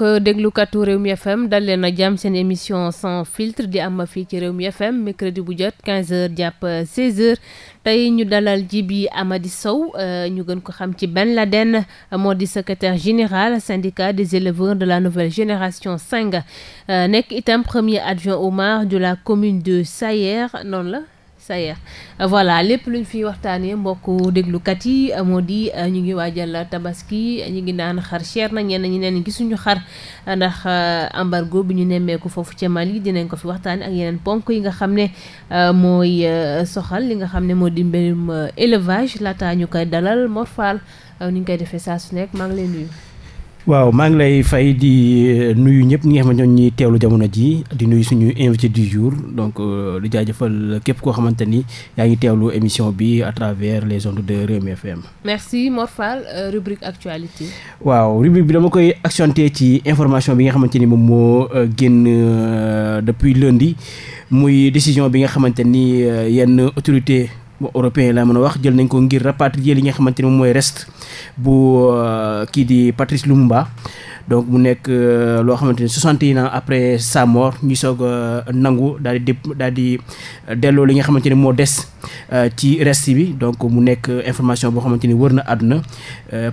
déglukatu mi FM dal leen a jàmm seen émission sans filtre di am ma fii ci réew mi FM mercredi bu jot 15h jàpp 16h tey ñu dalal Djiby Amady Sow euh, ñu gën ko xam ci Ben Laden moo di secrétaire général syndicat des éleveurs de la nouvelle génération SENG euh, nekk itam premier adjoint au maire de la commune de Sayer noonu la. Sayer voilà lépp luñ fiy waxtaanee mbokk déglukat yi moo di ñu ngi waajal tabaski ñu ngi daan xar cher na ñenn ñi neen gisuñu xar ndax embargo euh, bi ñu nemmeeku foofu ca yi dinañ ko fi waxtaanee ak yeneen ponk yi nga xam ne euh, mooy euh, soxal li nga xam ne moo di élevage laataa ñu koy dalal Mor Fall ni ñu koy defee saa su nekk maa ngi leen nuyu. waaw maa ngi lay fay di euh, nuyu ñëpp ñi nga xam ne ñoom ñuy teewlu jamono ji di nuyu suñu invité du jour donc euh, di jaajëfal képp koo xamante ni yaa ngi teewlu émission bi à travers les ondes de Rewmi FM. merci Mor Fall euh, rubrique actualité. waaw rubrique bi dama koy accenté ci information bi nga xamante ni moom moo génn depuis lundi muy décision bi nga xamante ni yenn autorité européen laa mën a wax jël nañ ko ngir rapatrier li nga xamante ne mooy reste bu euh, kii di Patrice Lumumba donc mu nekk euh, loo xamante ni soixante et un après sa ñu soog a nangu daal di daal di euh, delloo li nga xamante ni moo des euh, ci reste bi donc mu nekk information boo xamante ni wër na àdduna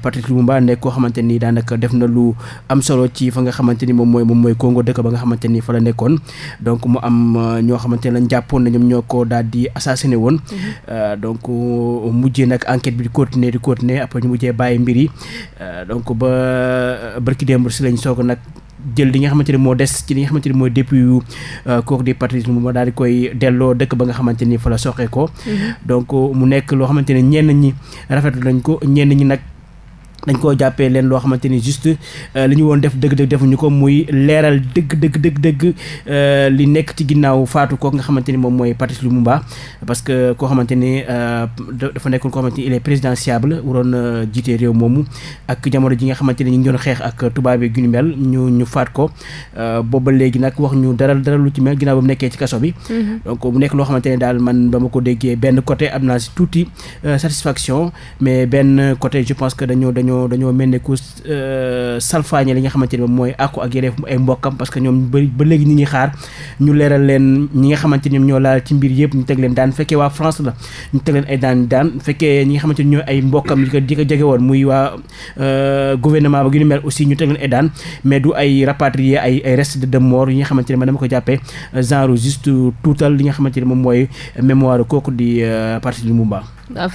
Patrice Lumumba nekk koo xamante ni daanaka def na lu am solo ci fa nga xamante ni moom mooy moom mooy Congo dëkk ba nga xamante ni fa la nekkoon donc mu am ñoo xamante ne lañ jàppoon na ñoo ko daal di assassiné woon mm-hmm. donc mujjee nag enquête bi di continuer di continuer après ñu mujjee bàyyi mbir donc ba barki démb si lañ soog nag jël li nga xamante ne moo des ci li nga xamante ne mooy depuis yu euh, corps du patriotisme mu daal di koy delloo dëkk ba nga xamante ni fa la soxee ko mm-hmm. donc euh, mu nekk loo xamante ne ñenn ñi rafetlu nañ ko ñenn ñi nag. dañ koo jàppee leen loo xamante ni juste euh, li ñu woon def dëgg-dëgg defuñu ko muy leeral dëgg dëgg dëgg dëgg euh, li nekk ci ginnaaw faatu kooku nga xamante ni moom mooy Patrice Lumumba parce que koo xamante ni euh, dafa nekkul koo xamante ni il est présidentiable waroon jiite réew moomu ak jamono ji nga xamante ni ñu ngi doon xeex ak tubaab yi gu ñu mel ñu ñu faat ko booba léegi nag wax ñu dara dara lu ci mel ginnaaw ba mu nekkee ci kaso bi mm-hmm. donc mu nekk loo xamante ne daal man ba ma ko benn côté am naa si tuuti satisfaction mais benn côté dañoo dañoo mel ne ku euh, salfaañe li nga xamante ne mooy àqu ak yelleef ay mbokkam parce que ñoom ba ba léegi ñu ngi xaar ñu leeral leen ñi nga xamante ni ñoom ñoo laal ci mbir yëpp ñu teg leen daan fekkee waa France la ñu teg leen ay daan daan fekkee ñi nga xamante ne ñooy ay mbokkam di ko jege woon muy waa euh, gouvernement ba gi mel aussi ñu teg leen ay daan mais du ay rapatrié ay ay reste de mort yi nga xamante ne ma dama ko jàppee genre juste tuutal li nga xamante ne moom mooy mémoire kooku di euh, parti Lumumba waaw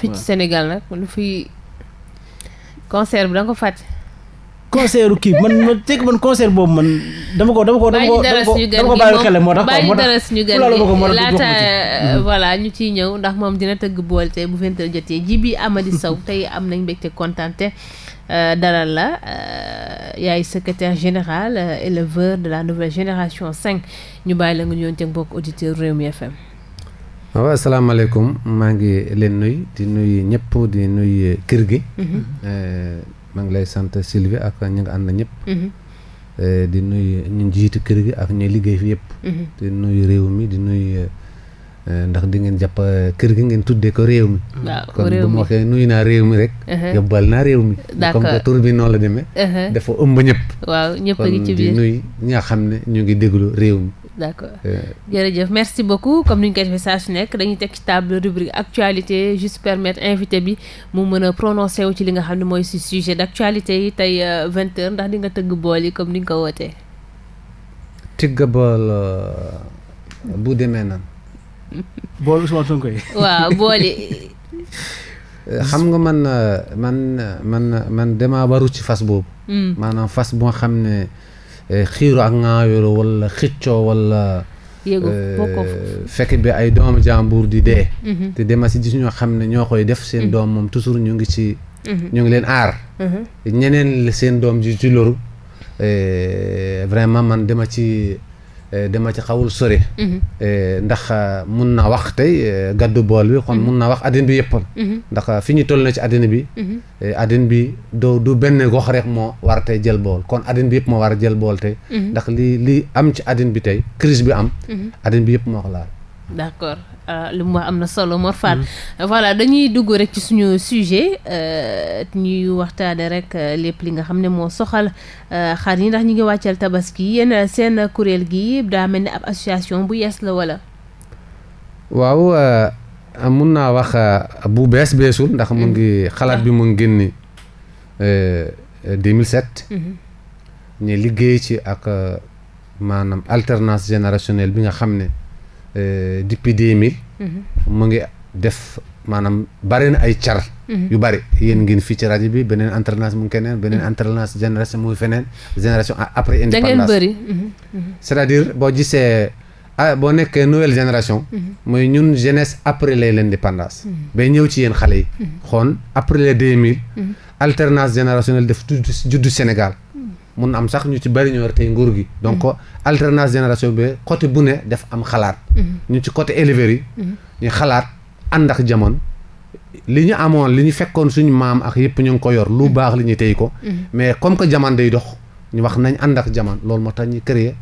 concert bi da nga ko fàtte. concert kii man ma teg man concert boobu man dama ko dama ko dama ko dama ko dama ko bàyyi xel moo tax bàyyi dara suñu gan gi laata euh, voilà ñu ciy ñëw ndax moom dina tëgg bool te bu vingt heures jotee ji bi Amady Sow tey am nañ mbégte kontante euh, dalal la euh, yaay secretaire général éleveur de la nouvelle génération 5 ñu bàyyi la nga ñëwoon ci mbokk auditeur réew mi FM waaw asalaamaaleykum maa ngi leen nuy di nuy ñëpp di nuy kër gi. Mhm. Eh, maa ngi lay sant Sylvie ak ñu nga ànd ñëpp. Mhm. Eh, di nuy ñu jiitu kër gi ak ñuy liggéey fi yëpp. Mhm. di nuy réew mi di nuy eh, ndax di ngeen jàpp kër gi ngeen tuddee ko réew mi. waaw kon bu ma waxee nuyu naa réew mi rek. yóbbal naa réew mi. d'accord comme tur bi noonu la demee. dafa ëmb ñëpp. waaw ñëpp a ngi ci biir kon nuy ñi xam ne ñu ngi déglu réew mi. d' accord euh, jërëjëf merci beaucoup comme ni ñu koy defee saa su nekk dañuy teg ci table rubrique actualité juste permettre invité bi mu mën a prononcé wu ci li nga xam ne mooy si sujet d' yi tey euh, vingt heures ndax di nga tëgg bool yi comme ni ñu ko wootee. tëgg bool euh, bu demee nan. bool Ousmane Sonko yi. waaw bool yi. xam nga man man man man damaa waru ci fas boobu. Hmm. maanaam fas boo xam ne. Eh, xiiro ak ŋaayoro wala xiccoo wala eh, fekk bi ay doomu jàmbur di dee mhm. te dema si gis ñoo xam ne ñoo koy def seen mhm. doom moom toujours ñu ngi ci mhm. ñu ngi leen aar ñeneen seen doom ji ci loru eh, vraiment man dema ci Eh, dama ci xawul sori. Mhm. Eh, ndax eh, mun naa wax tey gàddu bool bi kon mhm. mun naa wax àddina bi yëpp. Mhm. ndax fi ñu toll na ci àddina bi. àddina bi doo du benn gox rek moo war tey jël bool kon àddina bi yëpp moo war a jël bool tey. ndax li li am ci àddina bi tey crise bi am. àddina bi yëpp moo ko laal. d' accord euh, li mu wax am na solo Mor Fall mm. voilà dañuy dugg rek ci suñu sujet euh, ñuy waxtaane rek euh, lépp li nga xam ne moo soxal xar yi ndax ñu ngi wàccal tabaski yéen seen kuréel gi daa mel ni ab association bu yees la wala. waaw mun naa wax bu bees beesul ndax mu ngi mm. xalaat bi mu ngi génn 2007. Mm-hmm. ñu liggéey ci ak maanaam alternance générationnelle bi nga xam ne. Euh, depuis deux mille mhm. mu ngi def maanaam bari na ay car mhm. yu bari yéen ngeen fii ci rajo bi beneen alternance mu ngi keneen beneen mhm. alternance génération muy feneen génération après indépendance boo gisee ah, boo nekkee nouvelle génération mooy ñun jeunesse après l'indépendance bay ñëw ci yéen xale yi xoon après les deux mille alternance générationnelle def juddu Sénégal mun na am sax ñu ci bari ñu war tey nguur gi. donc mm-hmm. alternance génération bi côté bu ne def am xalaat. Mm-hmm. ñu ci côté éleveur yi. Mm-hmm. ñu xalaat ànd ak jamono. li ñu amoon li ñu fekkoon suñu maam ak yëpp ñu ngi ko yor lu baax li ñu tey ko. mais comme que jamono day dox ñu wax nañ ànd ak jamono loolu moo tax ñu créé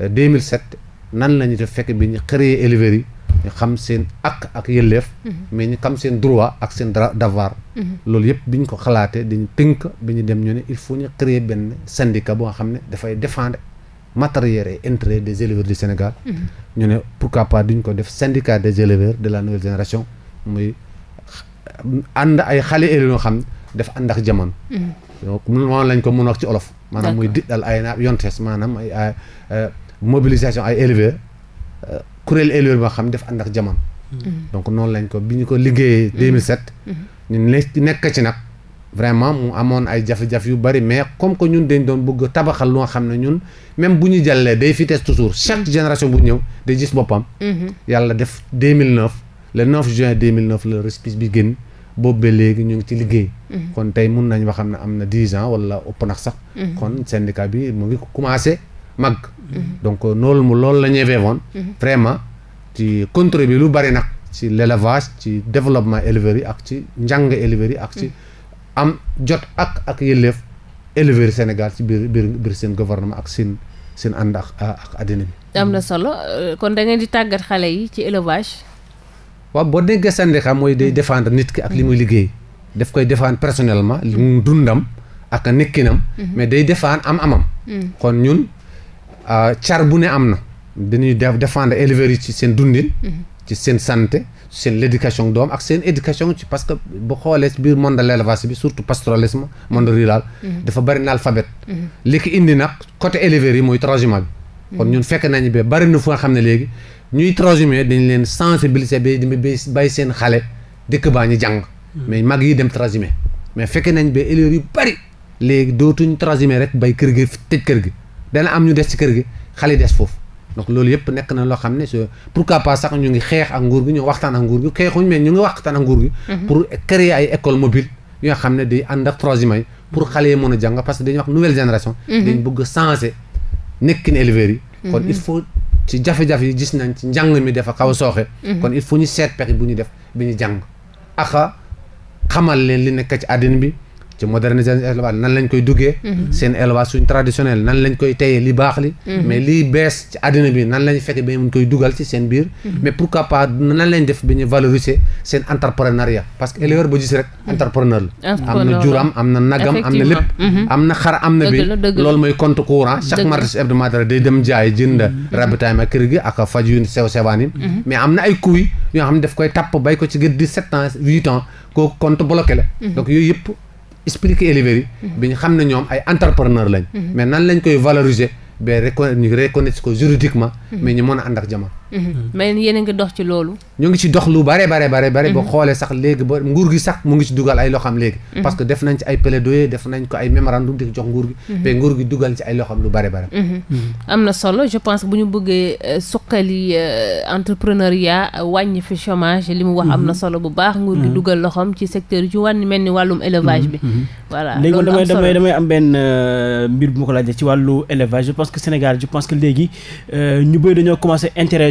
2007 euh, nan la def fekk bi ñu créé éleveur yi. ñu xam seen ak ak yëlleef mm-hmm. mais ñu xam seen droit ak seen devoir mm-hmm. loolu yëpp bi ko xalaatee dañu tënk bi ñu dem ñu ne il faut ñu créer benn syndicat boo xam ne dafay défendre matériel et des éleveurs du Sénégal mm-hmm. ñu ne pourquoi pas duñ ko def syndicat des éleveurs de la nouvelle génération muy ànd ay xale éleveurs yoo xam ne def ànd ak jamono donc noonu lañ ko mun wax ci olof maanaam muy di dal ay yontees maanaam ay euh, mobilisation ay éleveurs euh, kuréel éleveur boo xam def ànd ak jamono. Mm-hmm. donc noonu lañ ko bi ñu ko liggéeyee 2007. Mm-hmm. Mm-hmm. ñu nekk ci nag vraiment mu amoon ay jafe-jafe yu bari mais comme que ñun dañ doon bëgg tabaxal lu xam ne ñun même bu ñu jàllee day fi test toujours chaque génération bu ñëw day gis boppam. yàlla def 2009 le 9 juin 2009 le récipice bi génn. boobu ba léegi ñu ngi ci liggéey. kon tey mun nañ wax xam ne am na dix ans wala ëpp nax sax. kon syndicat bi mu ngi commencé. mag donc euh, loolu mu loolu la ñëwee woon vraiment ci bi lu bari nag ci l'élevage ci développement éleveurs yi ak ci njàng éleveurs yi ak ci am jot ak ak yëleef éleveurs Sénégal ci biir biir biir seen gouvernement ak seen seen ànd ak ak àddina bi am na solo euh, kon da di tàggat xale yi ci élevage waaw boo déggee syndicat mooy day défendre nit ki ak li muy liggéey daf koy défendre personnellement li mu dundam ak nekkinam mhm. mais day défendre am amam mhm. kon ñun Euh, car bu ne am na dañuy def défendre éleveurs yi ci seen dundin mhm. ci seen santé seen l' éducation doom ak seen éducation ci parce que bu xoolee biir monde de l' élevage bi surtout pastoralisme monde rural mhm. dafa bëri na alphabet mhm. li ko indi nag côté éleveurs yi mooy transhumance bi kon ñun fekk nañu ba bari na fu nga xam ne léegi ñuy transhumé dañ leen sensibiliser ba di bàyyi seen xale dëkk baa ñu jàng mais mag yi dem transhumé mais fekk nañ ba éleveurs yu bëri léegi dootuñ transhumé rek bay kër gi tëj kër gi dana am ñu des ci kër gi xale des foofu donc loolu yëpp nekk nañ loo xam ne c'est pourquoi pas sax ñu ngi xeex ak nguur gi ñu waxtaan ak nguur gi xeexuñ ñu ngi waxtaan ak nguur gi. Mhm. pour créer ay école mobile yoo xam ne di ànd ak troisième yi pour xale yi mën a jàng parce que dañuy wax nouvelle génération. Mhm. dañ bëgg a changer nekkin éleveurs yi. Mhm. kon il faut ci jafe-jafe yi gis nañ ci njàng mi dafa kaw sooxe. kon il faut ñu seet pexe bu ñu def bi ñu jàng. axa xamal leen li nekk ci àddina bi. ci modernisation élevage nan lañ koy duggee mhm. seen élevage suñ traditionnel nan lañ koy teyee li baax li mhm. mais liy bees ci àddina bi nan lañ fexe ba ñu koy dugal ci seen biir mhm. mais pourquoi pas nan lañ def bi ñu valoriser seen entrepreneuriat parce que éleveur ba gis rek entrepreneur la am na juram am na nagam am na lépp am na xar am na bi loolu mooy compte courant chaque mardi hebdomadaire day dem jaay jënd rabitaay ma kër gi ak faj yu sew sewaan ne daf koy tapp bay ko ci gët dix la donc yooyu yëpp expliquer éleveurs mhm. bi ñu xam na ñoom ay entrepreneur lañ. Mhm. mais nan lañ koy valoriser ba recon ñu reconnaître ko juridiquement. Mhm. mais ñu mën a ànd ak jamono. Mhm. mais yéen a ngi dox ci loolu ñu ngi ci dox lu bare bare bare bare ba mhm. xoolee sax léegi ba nguur gi sax mu ngi ci dugal ay loxam léegi mhm. parce que def nañ ci ay plaidoyer def nañ ko ay mémorandum di jox nguur gi mais nguur gi dugal ci ay loxam lu bare bare am na solo je pense bu ñu bëggee euh, suqali euh, entrepreneuriat euh, wàññi fi chômage li mu wax am na solo bu baax nguur gi dugal loxam ci secteur yi ci wàññi mel ni wàllum élevage bi voilà léegi man damay damay am benn mbir bu ma ko laajee ci wàllu élevage je que Sénégal je pense que léegi ñu bëri dañoo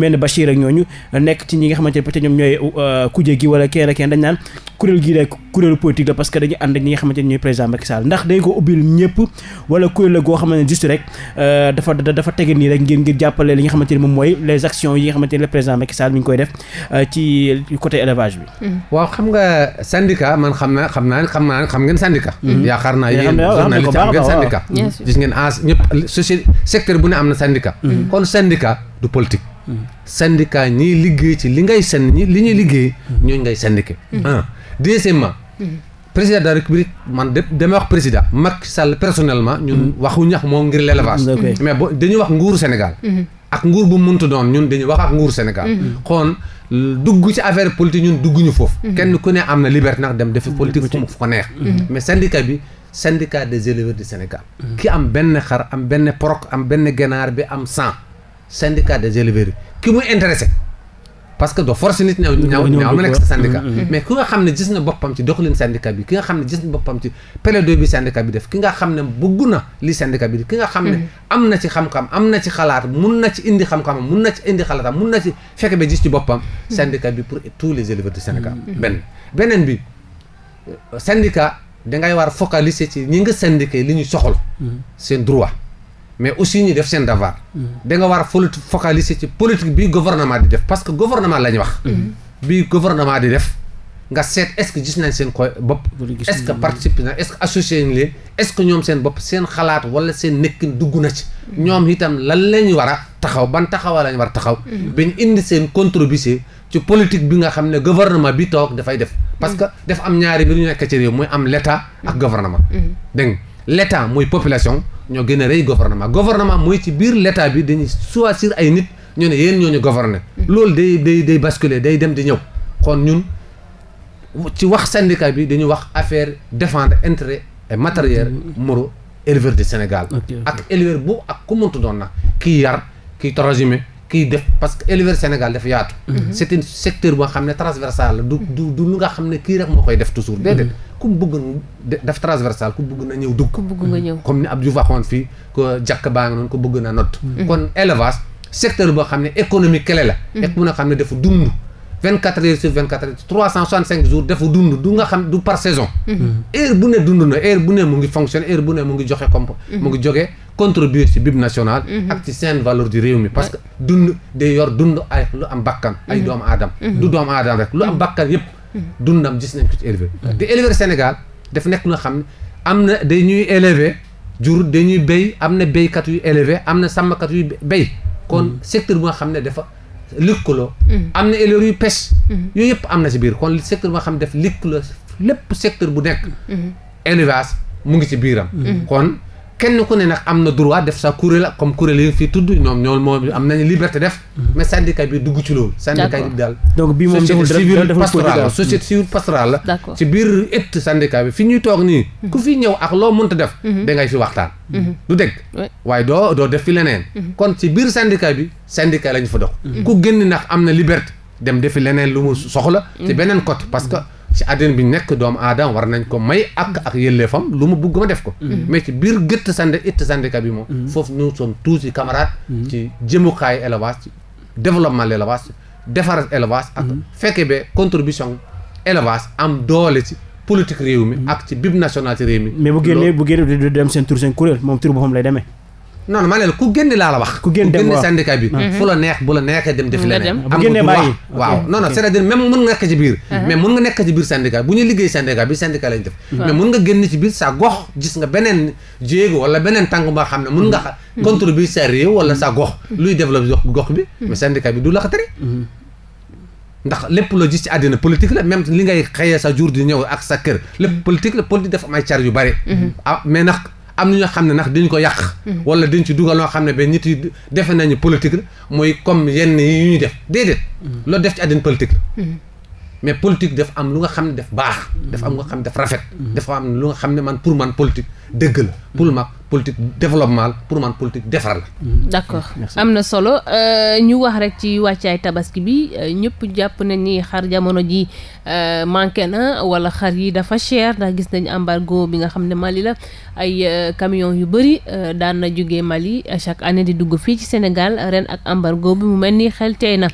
mel ni Bachir ak ñooñu nekk ci ñi nga xamante ne euh, parce que dañuy ànd ñi xamante ne ñooy président Macky ndax dañ ko ubbil ñëpp wala kuréel goo xamante ne juste rek euh, dafa dafa tege nii rek ngir jàppale li nga xamante ne mooy les actions yi nga xamante ne le président Macky mi ngi koy def euh, ci côté élevage bi mm-hmm. waaw xam nga syndicat man xam naa xam naa xam naa xam ngeen syndicat mm-hmm. yaakaar naa yéen journaliste am ngeen syndicat société secteur bu ne am na syndicat mm-hmm. kon syndicat du syndicat ñiy liggéey ci li ngay senn ñi li ñuy liggéey ñooñu ngay syndiqué mm-hmm. ah deuxièmement mm-hmm. président de la république man de dama wax président Macky Sall personnellement ñun mm-hmm. waxu ñax moom ngir l'élevage mais bo dañuy wax nguuru Sénégal ak nguur bu muntu doon ñun dañuy wax ak nguuru Sénégal xoon dugg ci affaire politique ñun dugguñu foofu kenn ku ne am na liberté nag dem defi politique fu mu ko neex mais syndicat bi syndicat des éleveurs du Sénégal ki am benn xar am benn porok am benn ganaar bi am cent syndicat des éleveurs ki mu intéressé parce que doo force nit ñaw ñaw ñaw ma nekk sa syndicat mm-hmm. mais ki nga xam ne gis na boppam ci doxalin syndicat bi ki nga xam ne gis na boppam ci plaidoyer bi syndicat bi def ki nga xam ne bëgg na li syndicat bi def ki nga xam ne mm-hmm. am na ci xam-xam am na ci xalaat mun na ci indi xam-xamam mun na ci indi xalaatam mun na ci fekke gis ci boppam mm-hmm. syndicat bi pour tous les éleveurs du Sénégal benn beneen bi syndicat dangay war a focaliser ci ñi nga syndiqué li ñuy soxal seen droit mais aussi ñu def seen devoir. Mm. da nga war a focaliser ci politique bi gouvernement di def parce que gouvernement la ñuy wax. Mm. bi gouvernement di def. nga seet est-ce que gis nañ seen koy bopp est-ce que participer na est-ce que associé nañ leen est-ce que ñoom seen bopp seen xalaat wala seen nekkin dugg na ci mm. ñoom itam lan lañ war a taxaw ban taxawaa lañ war a taxaw bañ indi seen contribution ci politique bi nga xam ne gouvernement bi toog dafay def parce que def am ñaari mbir ñu nekk ci réew am l'État ak gouvernement dégg population ñoo gën a rëy gouvernement gouvernement mooy ci biir leta état bi dañuy choisir ay nit ñoo ne yéen ñoo ñu gouverner. Mm-hmm. loolu day day day basculer day dem di ñëw kon ñun ci wax syndicat bi dañu wax affaire défendre intérêt et matériel mm-hmm. moraux éleveur du Sénégal. ak éleveur bo ak ku muntu doon na kii yar kii transhumé kii def parce que éleveur Sénégal dafa yaatu. Mm-hmm. c' est un secteur boo xam ne transversal la du du du lu nga xam ne kii rek moo koy def toujours déedéet. ku mu bëgg def transversal ku bëgg na ñëw dugg. ku bëgg nga ñëw comme ni Abdou waxoon fii ko jàkk baa nga noonu ko bëgg na not. Mm-hmm. kon élevage secteur boo xam ne économique clé la. Mm-hmm. ek mun a xam ne dafa du 24 heures sur 24 heures 365 jours dafa dund du nga xam du par saison. Mhm. heure bu ne dund na heure bu ne mu ngi fonctionné heure bu ne mu ngi joxe comp. mu ngi mhm. joxe contribuer ci bib national. Mhm. ak ci seen valeur du réew mi parce que dund day yor dund ay lu am bakkan. ay doomu aadama. du doomu aadama rek lu am bakkan yëpp. dundam gis nañ ko ci élevé. di élevé Sénégal daf nekk lu nga xam ne am na ñuy élevé jur dañuy béy am na béykat yu élevé am na sàmmkat yu béy. kon secteur bu nga xam ne dafa. lëkkaloo. Mm-hmm. am na éleveurs yu pêche. Mm-hmm. yooyu yëpp am na si biir kon secteur boo xam def lëkkaloo lépp secteur bu nekk. Mm-hmm. élevage mu ngi ci biiram. kon. kenn ko ne nag am na droit def sa kuréel comme kuréel yi fii tudd ñoom ñoom moom am nañu liberté def. Mhm. mais syndicat bi dugg ci loolu. syndicat bi daal. donc bii moom deful civile la société civile pastorale la. ci biir ëtt syndicat bi fi ñuy toog nii. ku mhm. fi ñëw ak loo mënta def. Mhm. da fi waxtaan. du dégg. waaye doo doo def fi leneen. kon ci biir syndicat bi syndicat lañ fa dox. ku génn nag am na liberté dem defi leneen lu mu soxla. ci beneen côté parce que. ci àddina bi nekk doomu aadama war nañ ko may ak ak yëlleefam lu mu bugg ma def ko mhm. mais ci biir gëtt sande itti syndicat bi moom mhm. foofu nous sommes tous mhm. ci camarades ci jëmukaayu élevage ci développement l'élevage defar élevage ak fekke ba contribution élevage am doole ci politique réew mi ak ci bib national ci réew mi mais bu génnee bu génnee du dem seen tur seen kuréel moom tur boppam lay demee non ma ne la ku génn laa la wax. ku génn dem bi. Mm-hmm. fu la neex bu la neexee dem defi leneen. bu génnee bàyyi waaw non non cest nga nekk biir. Uh-huh. bi syndicat lañ def. Uh-huh. mais mën nga sa gox gis nga beneen jéego wala beneen tàng ba xam ne mën nga. Uh-huh. contribuer sa réew wala sa gox. luy développer gox bi. mais syndicat bi du la xatari ndax lépp loo gis ci àddina politique la même li ngay xëyee sa jour di ñëw ak sa kër lépp politique la politique dafa am ay yu bari ah, am na ñoo xam ne nag dañ ko yàq. Mhm. wala dañ ci dugal loo xam ne be nit yi defe nañu politique mooy comme yenn yi ñuy def déedéet. Mhm. loolu def ci àddina politique mhm. mais politique def am lu nga xam ne daf baax. daf am lu nga xam ne daf rafet. dafa am lu nga xam ne man pour man politique. dëgg la pour mag politique développement pour man politique defar la. d' accord am na solo euh, ñu wax rek ci wàccaay tabaski bi euh, ñëpp jàpp nañ ni xar jamono ji euh, manqué na wala xar yi dafa cher ndax gis nañ embargo bi nga xam ne Mali la ay camion yu bëri daan na jóge Mali chaque année di dugg fii ci Sénégal ren ak embargo bi mu mel nii xel tey na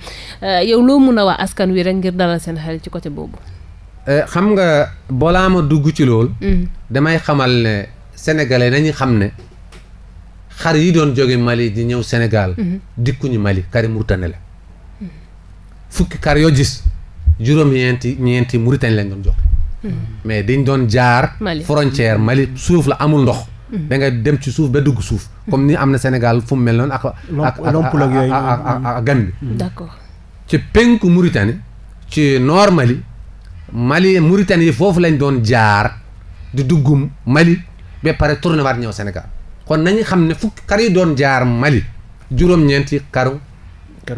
yow loo mun a wax askan wi rek ngir dalal seen xel ci côté boobu. xam nga balaa dugg ci lool. Mm. damay xamal ne. sénégalais nañu xam ne xar yi doon jóge Mali di ñëw senegal mhm. dikkuñu Mali xari Mauritanie la. fukki xar yoo gis juróom ñeenti ñeenti Mauritanie lañ doon jox. Mhm. mais diñ doon jaar. frontière Mali suuf la amul ndox. Mhm. da dem ci suuf ba dugg suuf. comme ni am na senegal fu mel noonu ak. ak ak Gambie. ci penku Mauritanie. ci nord Mali. Mali yi foofu lañ doon jaar di dugg Mali. ba pare tourné waat ñëw Sénégal kon nañu xam ne fukk xar yi doon jaar Mali juróom-ñeenti xaru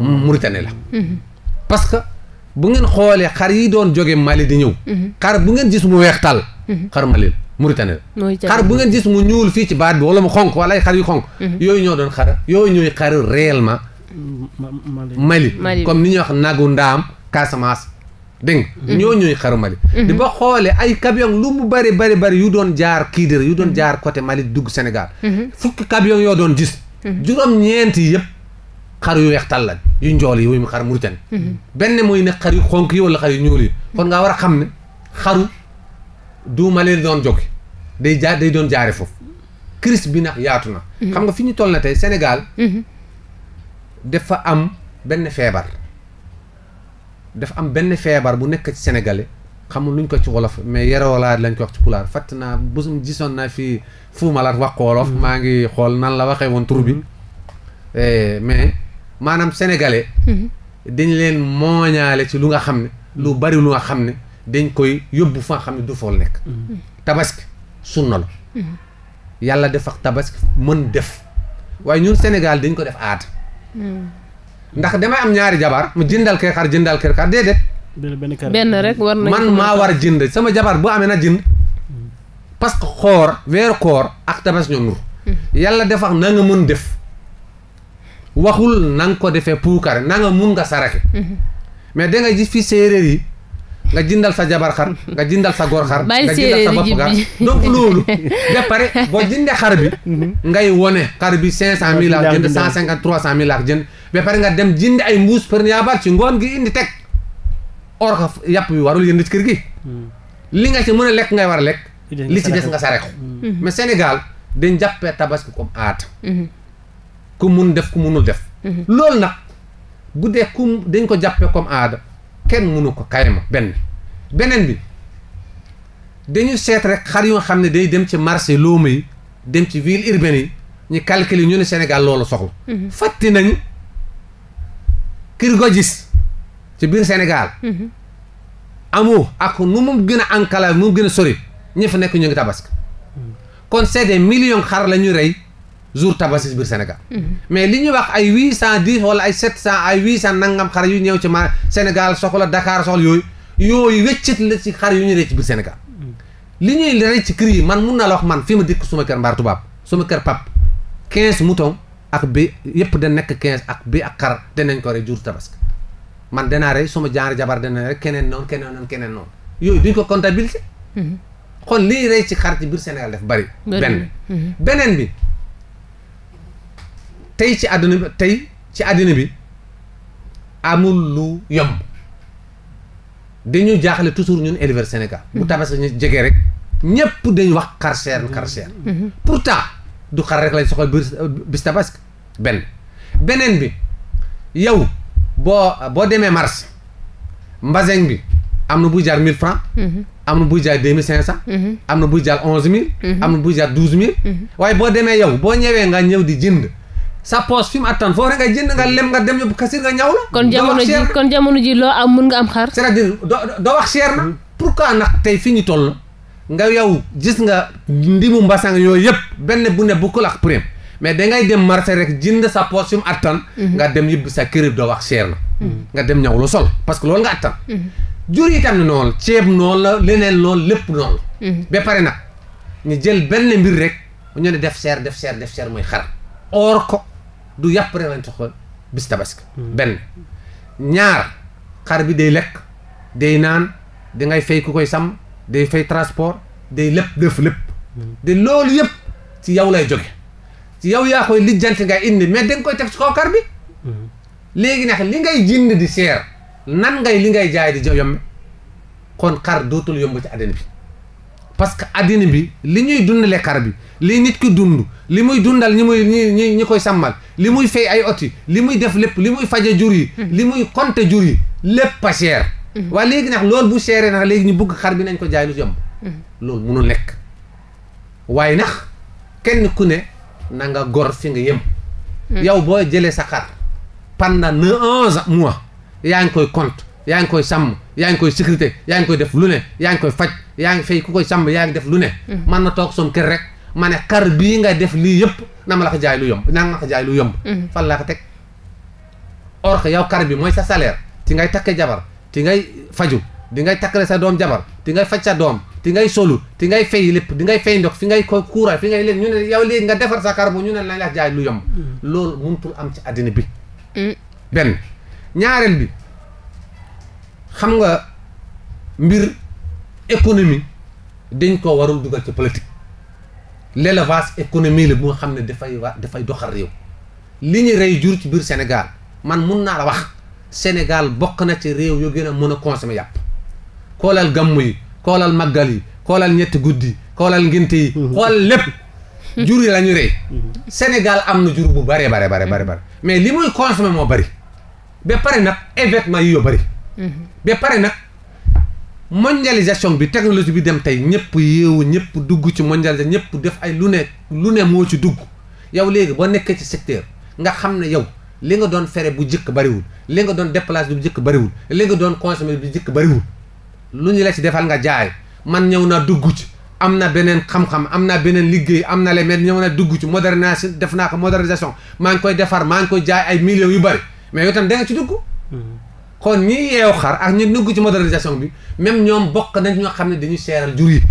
Mauritanie la mhm. parce que bu ngeen xoolee xar yi doon jóge Mali di ñëw xar mhm. bu ngeen gis mu weex tal mhm. xar Mali la Mauritanie la xar bu ngeen gis mu ñuul fii ci baat bi wala mu xonk wala ay xar yu xonk yooyu ñoo doon xar yooyu ñooy xar réellement Mali comme ni ñuy wax nagu ndaam Casamance dégg nga mm-hmm. ñoo ñooy xaru Mali mm-hmm. di ba xoole ay camion lu mu bari bari bari yu doon jaar Kidira yu doon mm-hmm. jaar côté Mali dugg Sénégal fukki camion yoo doon gis juróom ñeent yi yëpp xar yu weex tàll lañ yu njool yi yu xar Mauritanie benn mooy ne xar yu xonk yi wala xar yu ñuul yi kon ngaa war a xam ne xaru du Mali doon jóge day jaar day doon jaare foofu crise bi nag yaatu na xam nga fi ñu toll na tey Sénégal dafa am benn feebar daf am benn feebar bu nekk ci sénégalais xamul luñ ko ci wolof mais yerewalaat lañ ko wax ci pulaar fàtt naa bésum gisoon naa fii fuumalaat wax ko wolof mm-hmm. maa ngi xool nan la waxee woon tur bi mm-hmm. eh, mais maanaam sénégalais mm-hmm. dañ leen mooñaale ci lu nga xam ne lu bari lu nga xam ne dañ koy yóbbu fa nga xam ne du fool nekk tabaski sunna la yàlla def ak tabaski mën def waaye ñun Sénégal dañ ko def aada ndax damay am ñaari jabar mu jëndal kee xar jëndal kee xar déedéet. benn rek war nañ man maa war a jënd sama jabar bu amee na jënd. Hmm. parce que xoor weeru xoor ak tabas ñoo nur hmm. yàlla defax na mën def. waxul na nga ko defee puukare na nga mun nga saraxe. Hmm. mais da nga gis séeréer yi. nga jëndal sa jabar xar nga jëndal sa góor xar nga jëndal sa bopp xar donc loolu ba pare boo jëndee xar bi mhm. ngay wone xar bi cinq cent mille ak jënd cent cinquante trois cent mille ak jënd ba pare nga dem jënd ay mbuus për yaabal ci ngoon gi indi teg or ka yàpp bi warul yënd ci kër gi mhm. li nga ci mën a lekk ngay war a lekk li ci des nga sareeku mhm. mais Sénégal dañ jàppee tabaski comme aada ku mun def ku munul def loolu nag bu dee ku dañ ko jàppee comme aada kenn mënu ko kayama benn bi beneen bi dañu seet rek xar yoo xam ne day dem ci marché looma yi dem ci ville urbaine yi ñi calculer ñu ne Sénégal loolu soxla mhm. fàtti nañ kër go gis ci biir Sénégal mhm. amoo ak nu mu gën a enclave mu gën a sori ñi fa nekk ñu ngi tabaski mhm. kon c'est million xar la ñuy rey jour tabaski biir senegal mhm. mais li ñuy wax ay huit cent dix wala ay sept cent ay huit cent nangam xar yu ñëw ci ma Sénégal soxla Dakar soxla yooyu yooyu weccit la ci xar yu ñu rey ci biir Sénégal. Mhm. li ñuy rey ci kër yi man mun naa la wax man fii ma dikk suma kër mbaar tubaab suma kër pap quinze mouton ak bi yëpp da nekk quinze ak bi ak xar danañ ko rey jour tabaski man danaa rey suma jaari jabar danañ rek keneen noonu keneen noonu keneen noonu yooyu duñ ko comptabilité. Mhm. kon liy rey ci xar ci biir Sénégal def bari benn beneen bi. tey ci àdduna bi tey ci àdduna bi amul lu yomb dañu jaaxle toujours ñun éleveur Sénégal. bu mhm. tabaski ñu jege rek ñëpp dañ wax xar cher xar cher. pourtant du xar rek lañ soxla biir bis tabaski benn beneen bi yow boo boo demee mars mbasin bi am na buy jaar mille francs mhm. am na buy jaar deux mille cinq cent mhm. am na buy jaar onze mille am na buy jaar douze mille waaye boo demee yow boo ñëwee nga ñëw di jënd sa poos fi mu attan foo rek nga jënd nga lem nga dem yóbbu kasir nga ñaw la. kon jamono ji kon jamono ji loo am mun nga am xar. c'est-à-dire doo wax cher na. Hmm. pourquoi nag tey fi ñu toll nga yow gis nga ndimu mbasang yooyu yëpp benn bu ne bu ko lax prime mais dangay dem marché rek jënd sa poos fi attan. Hmm. nga dem yóbbu sa kër doo wax cher na. Hmm. nga dem ñaw lu sol parce que loolu nga attan. jur yi tam noonu ceeb noonu la leneen noonu lépp noonu la. pare nag ñu jël benn mbir rek ñu ne def cher def cher def cher mooy xar. du yàpp rek lañ soxla bis tabaski hmm. benn ñaar kar bi day lekk day naan di ngay fay ku koy sàmm day fay transport day lépp def lépp de hmm. loolu yëpp ci yow lay jóge ci yow yaa koy lijjanti ngay indi mais da nga koy teg ci kaw xar bi hmm. léegi nag li ngay jënd di seer nan ngay li ngay jaay di yomb kon xar dootul yomb ci àddina bi parce que addina bi li ñuy dundale kar bi li nit ki dund li muy dundal ñi muy ñi ñi koy sàmmal li muy fay ay oti li muy def lépp li muy faje jur yi hmm. li muy compte jur yi lépp a cher hmm. waa léegi nag loolu bu seeree nag léegi ñu bugg xar bi nañ ko jaay lu yomb hmm. loolu mënul nekk waaye nag kenn ku ne na gor fi nga yem yow boo jëlee sa xar pendant ne onze yaa ngi koy compte yaa ngi koy samm yaa ngi koy sécurité yaa ngi koy def lu ne yaa ngi koy faj yaa ngi fay ku koy sàmm yaa ngi def lu ne man mm-hmm. na toog son kër rek ma ne xar bii nga def lii yëpp na ma la ko jaay lu yomb na ma la ko jaay lu yomb mm-hmm. fan laa ko teg or que yow xar bi mooy sa salaire ti ngay takke jabar ti ngay faju di ngay takkale sa doom jabar di ngay faj sa doom ti ngay solu ti ngay fay lépp di ngay fay ndox fi ngay ko kuura fi ngay leen ñu ne yow léegi nga defar sa xar bu ñu ne lañ la jaay lu yomb mm-hmm. loolu mënutul am ci àddina bi mm. benn nga mbir économie dañ ko warul dugal ci politique l'élevage économie la bu nga xam ne dafay wa dafay doxal réew li ñu rey jur ci biir Sénégal man mun naa la wax Sénégal bokk na ci réew yoo gën a mën a consommer yàpp koolal gàmm yi koolal màggal yi koolal ñetti guddi yi koolal ngénte yi mhm. koolal lépp mhm. jur yi la ñu rey mhm. Sénégal am na jur bu bare bare bare bare bare mais li muy consommer moo bari ba pare nag événement yi yoo bari ba pare nag mondialisation bi technologie bi dem tey ñëpp yéewu ñëpp dugg ci mondialisation ñëpp def ay lu ne lu ne moo ci dugg yow léegi boo nekkee ci secteur nga xam ne yow li nga doon fere bu jëkk bariwul li nga doon déplacé bu jëkk bariwul li nga doon consommé bu jëkk bariwul lu ñu la ci defal nga jaay man ñëw naa dugg ci am na beneen xam-xam am naa beneen liggéey am na leneen ñëw na dugg ci modernisation def naa ko modernisation maa ngi koy defar maa ngi koy jaay ay millions yu bari mais yow tam da nga ci kon ñi yeew xar ak ñu dugg ci modernisation bi même ñoom bokk nañ ñoo xam ne dañuy seeral jur yi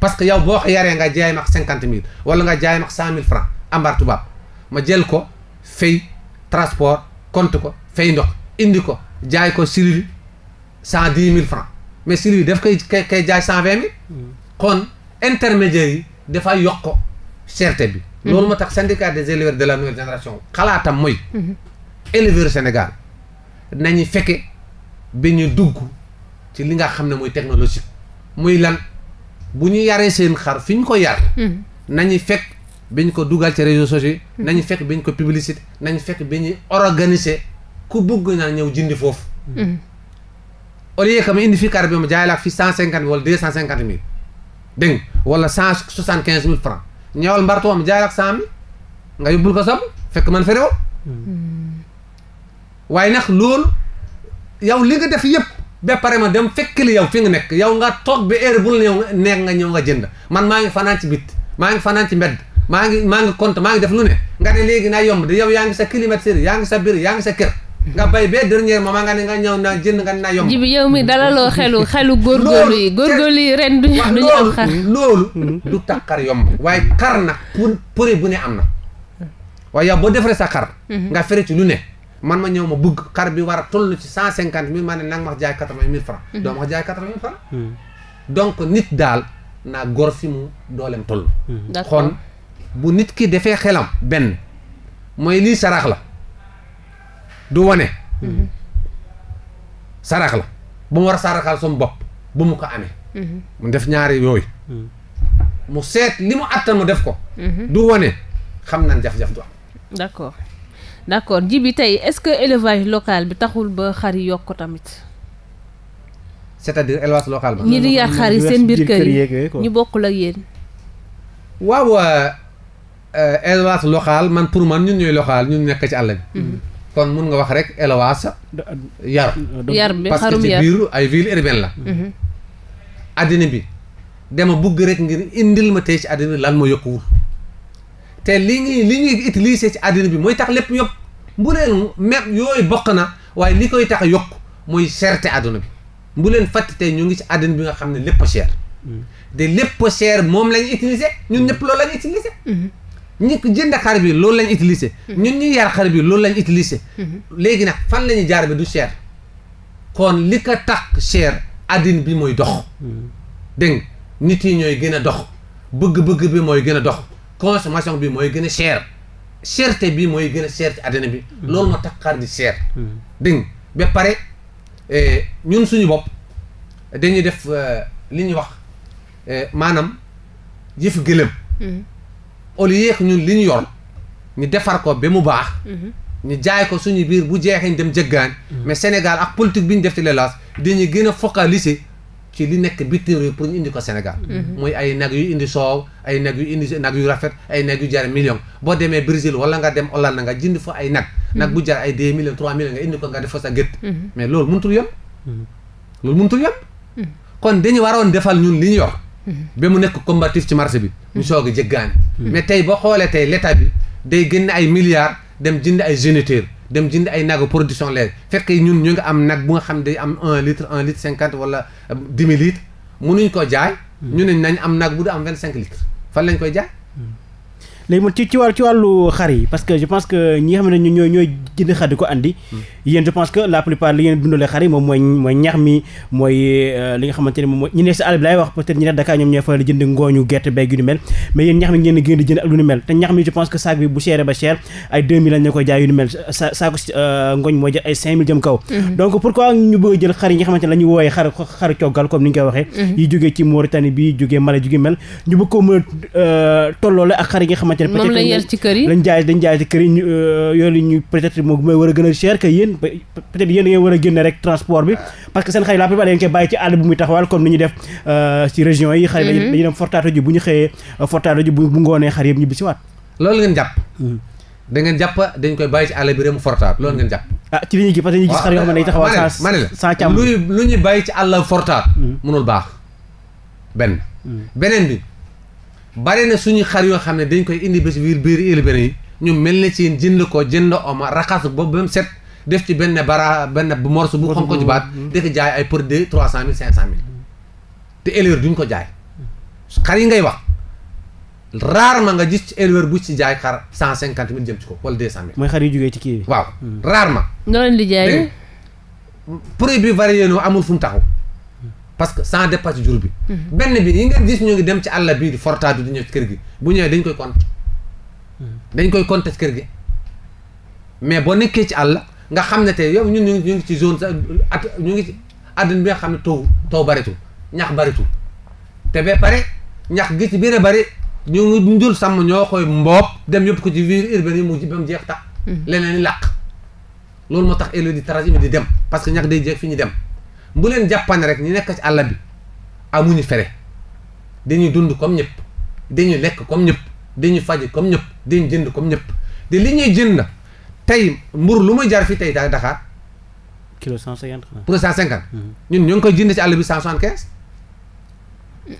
parce que yow boo yaree nga jaay ma cinquante mille wala nga jaay ma cent mille franc ambar ma jël ko fay transport compte ko fay ndox indi ko jaay ko siri cent dix mille franc mais siri daf koy kay kay jaay cent vingt mille kon intermédiaire yi dafa yokk cherté bi mm-hmm. loolu moo tax syndicat des éleveurs de la nouvelle génération xalaatam mooy mm-hmm. éleveur nañu fekke ba ñu dugg ci li nga xam ne mooy technologique muy lan bu ñu yaree seen xar fi ñu ko yar hmm. nañu fekk ba ñu ko dugal ci réseaux sociaux hmm. nañu fekk ba ñu ko publicité nañu fekk ba ñu organiser ku bugg naa ñëw jëndi foofu hmm. au lieu que ma fi kar bi ma jaay cent cinquante mille wala deux cent cinquante mille dégg wala cent soixante quinze mille francs ñëwal mbartuwam jaay la ak cent mille nga yóbbul ko sab fekk man ferewoo waaye nag loolu yow li nga def yëpp ba pare ma dem fekkali yow fi nga nekk yow nga toog ba heure bul ñëw neex nga ñëw nga jënd man maa ngi fanaan ci bit maa ngi fanaan ci mbedd maa ngi maa ngi compte maa ngi def lu ne nga ne léegi naa yomb de yow yaa ngi sa climatiseur yaa ngi sa biir yaa ngi sa kër nga bay ba dernier moment nga ne nga ñëw na jënd nga ne naa yomb jibi yow mi dalaloo xelu xelu góorgóorlu yi góorgóorlu yi ren duñu duñu am xar loolu du tax xar yomb waaye xar nag pour pour bu ne am na waaye yow boo defaree sa xar mhm. nga fere ci lu ne man ma ñëw ma bugg xar bi war a toll ci cent cinquante mille ma ne nanga ma jaay quatre vingt mille franc mm-hmm. doo ma jaay quatre vingt franc mm. donc nit daal naa gor fi mu dooleem toll mm-hmm. kon bu nit ki defee xelam benn mooy lii saraax la du wane mm-hmm. sarax la bu mu war a saraxal sama bopp bu mu ko amee mu def ñaari yooyu mm. mu seet li mu àttan mu def ko du wane xam nan jaf-jaf du d' accord ji bi tey est ce que élevage local bi taxul ba xar yi yokk tamit. c' est à dire élevage local ba. ñi di yar xar yi seen biir kër yi ñu bokkul ak yéen. waaw euh, élevage local man pour man ñun ñooy local ñun nekk ci àll bi. Mm-hmm. kon mun nga wax rek élevage. Ah, yar ah, yar bi xarum yar addina mm-hmm. bi dama bugg rek ngir indil ma tey ci addina lan moo yokkuwul. te li ñuy li ñuy utiliser ci àddina bi mooy tax lépp yokk mbuleen même yooyu bokk na waaye li koy tax yokk muy cherté àdduna bi bu leen fàtte ñu ngi ci àddina bi nga xam ne lépp cher mm. te lépp cher moom lañ utiliser ñun ñëpp loolu lañ utiliser mm-hmm. ñi jënd xar bi loolu lañ utiliser mm-hmm. ñun ñuy yar xar bi loolu lañ utiliser mm-hmm. léegi nag fan la ñuy jaar bi du cher kon li ko tax cher àddina bi mooy dox mm. dégg nit yi ñooy gën a dox bëgg-bëgg bi mooy gën a dox consommation bi mooy gën a cher cherté bi mooy gën a cher ci àddina bi hmm. loolu moo tax xar di cher hmm. dégg ba pare eh, ñun suñu bopp dañuy def eh, li ñuy wax eh, maanaam jëf gëlëm hmm. au lieu ñun li ñu yor ñu defar ko ba mu baax ñu jaay ko suñu biir bu jeexee ñu dem jëggaan mais Sénégal ak politique bi ñu def ci lelaas dañuy gën a focaliser ci li nekk bitim réew pour ñu indi ko Sénégal. Mhm. muy ay nag yu indi soow ay nag yu indi nag yu rafet ay nag yu jar million boo demee Brésil wala nga dem Hollande nga jënd fa ay nag. Mhm. nag bu jar ay deux millions trois millions nga indi ko nga def fa sa gétt. Mhm. mais loolu mënutul yem. loolu muntu yem. kon dañu waroon defal ñun li ñu yor. ba mu nekk combatif ci marché bi. ñu soog a jéggaani mais tey ba xoolee tey l'état bi day génn ay milliards dem jënd ay géniteurs. dem jënd ay nagu production lait fekk ñun ñu nga am nag bu nga xam day am un litre un litre cinquante wala euh, demi litre munuñ ko jaay. Hmm. ñu ne nañ am nag bu du am vingt cinq litres fan lañ koy jaay. léegi man ci ci wàllu ci wàllu xar yi parce que ñi nga xam ñooy jënd xar di ko andi. Hmm. yéen je pense que la plupart li ngeen dundalee xar yi moom mooy ñax mi mooy euh, li nga xamante ne ñu nekk si àll bi laay wax peut-être ñu ne Dakar ñoom ñooy faral di jënd ngooñu koy jaay yu ni mel sa saako euh, ngooñ mooy jël ay 5000 jëm kaw hmm. donc pourquoi ñu bëgg jël xar yi nga xamante ne la xar xar coggal comme ñu koy waxee hmm. yi jógee ci Mauritanie bi jógee Mali jógee mel ñu xamante ne moom lañ yar ci kër yi lañ jaay dañ jaay ci kër yi ñu euh, yooyu ñu peut être moom mooy war a gën a cher que yéen peut être yéen da ngeen war a génne rek yi la plupart dañ bu ñu def euh, ci région yi xar yi mhm. dañuy dem fortaatu ji bu ñu xëyee euh, hmm. jàpp dañ koy bàyyi ci àll bi rem fortaatu loolu ngeen jàpp ah ci li ñuy gis parce que ñu gis xar yoo xam ne day taxawal baax hmm. benn hmm. beneen bi bari na suñu xar yoo xam ne dañ koy indi bés biir biir île Bénin ñu mel ne ci jënd ko jënd oma raxas boobu ba mu set def ci benn bara benn morceau bu xonq mm-hmm. ko ci baat di jaay ay pour deux trois cent mille cinq cent mille te éleveur duñ ko jaay xar yi ngay wax ma nga gis ci éleveur bu ci jaay xar cent cinquante mille jëm ci ko wala deux cent mille. mooy xar yu jógee ci kii bi. waaw mm. rarement. noonu li jaayee. prix bi varié no amul fu mu taxaw. parce que sans dépasse jour bi. Mhm. benn bi yi nga gis ñu ngi dem ci àll bii di fortaatu di ñëw ci kër gi bu ñëwee dañ koy kont mhm. dañ koy compter ci kër gi mais boo nekkee ci àll nga xam ne tey yow ñun ñu ngi ci zone sax at ñu ngi ci àdduna bi nga xam ne taw taw baritul ñax baritu te ba pare ñax gi ci biir a bari ñu ngi njur sàmm ñoo koy mboob dem yëpp ko ci ville urbaine yi mu mu jeex tax. Mhm. leneen i làq loolu moo tax éleveurs di transhumé di dem parce que ñax day jeex fi ñu dem. bu leen jàppane rek ñu nekk ci àll bi amuñu fere dañuy dund comme ñëpp dañuy lekk comme ñëpp dañuy faji comme ñëpp dañuy jënd comme ñëpp te li ñuy jënd tey mburu lu muy jar fii tey daa Dakar. kilo cent cinquante. pour cent cinquante. Mhm. ñun ñoo ngi koy jënd ci àll bi cent soixante quinze.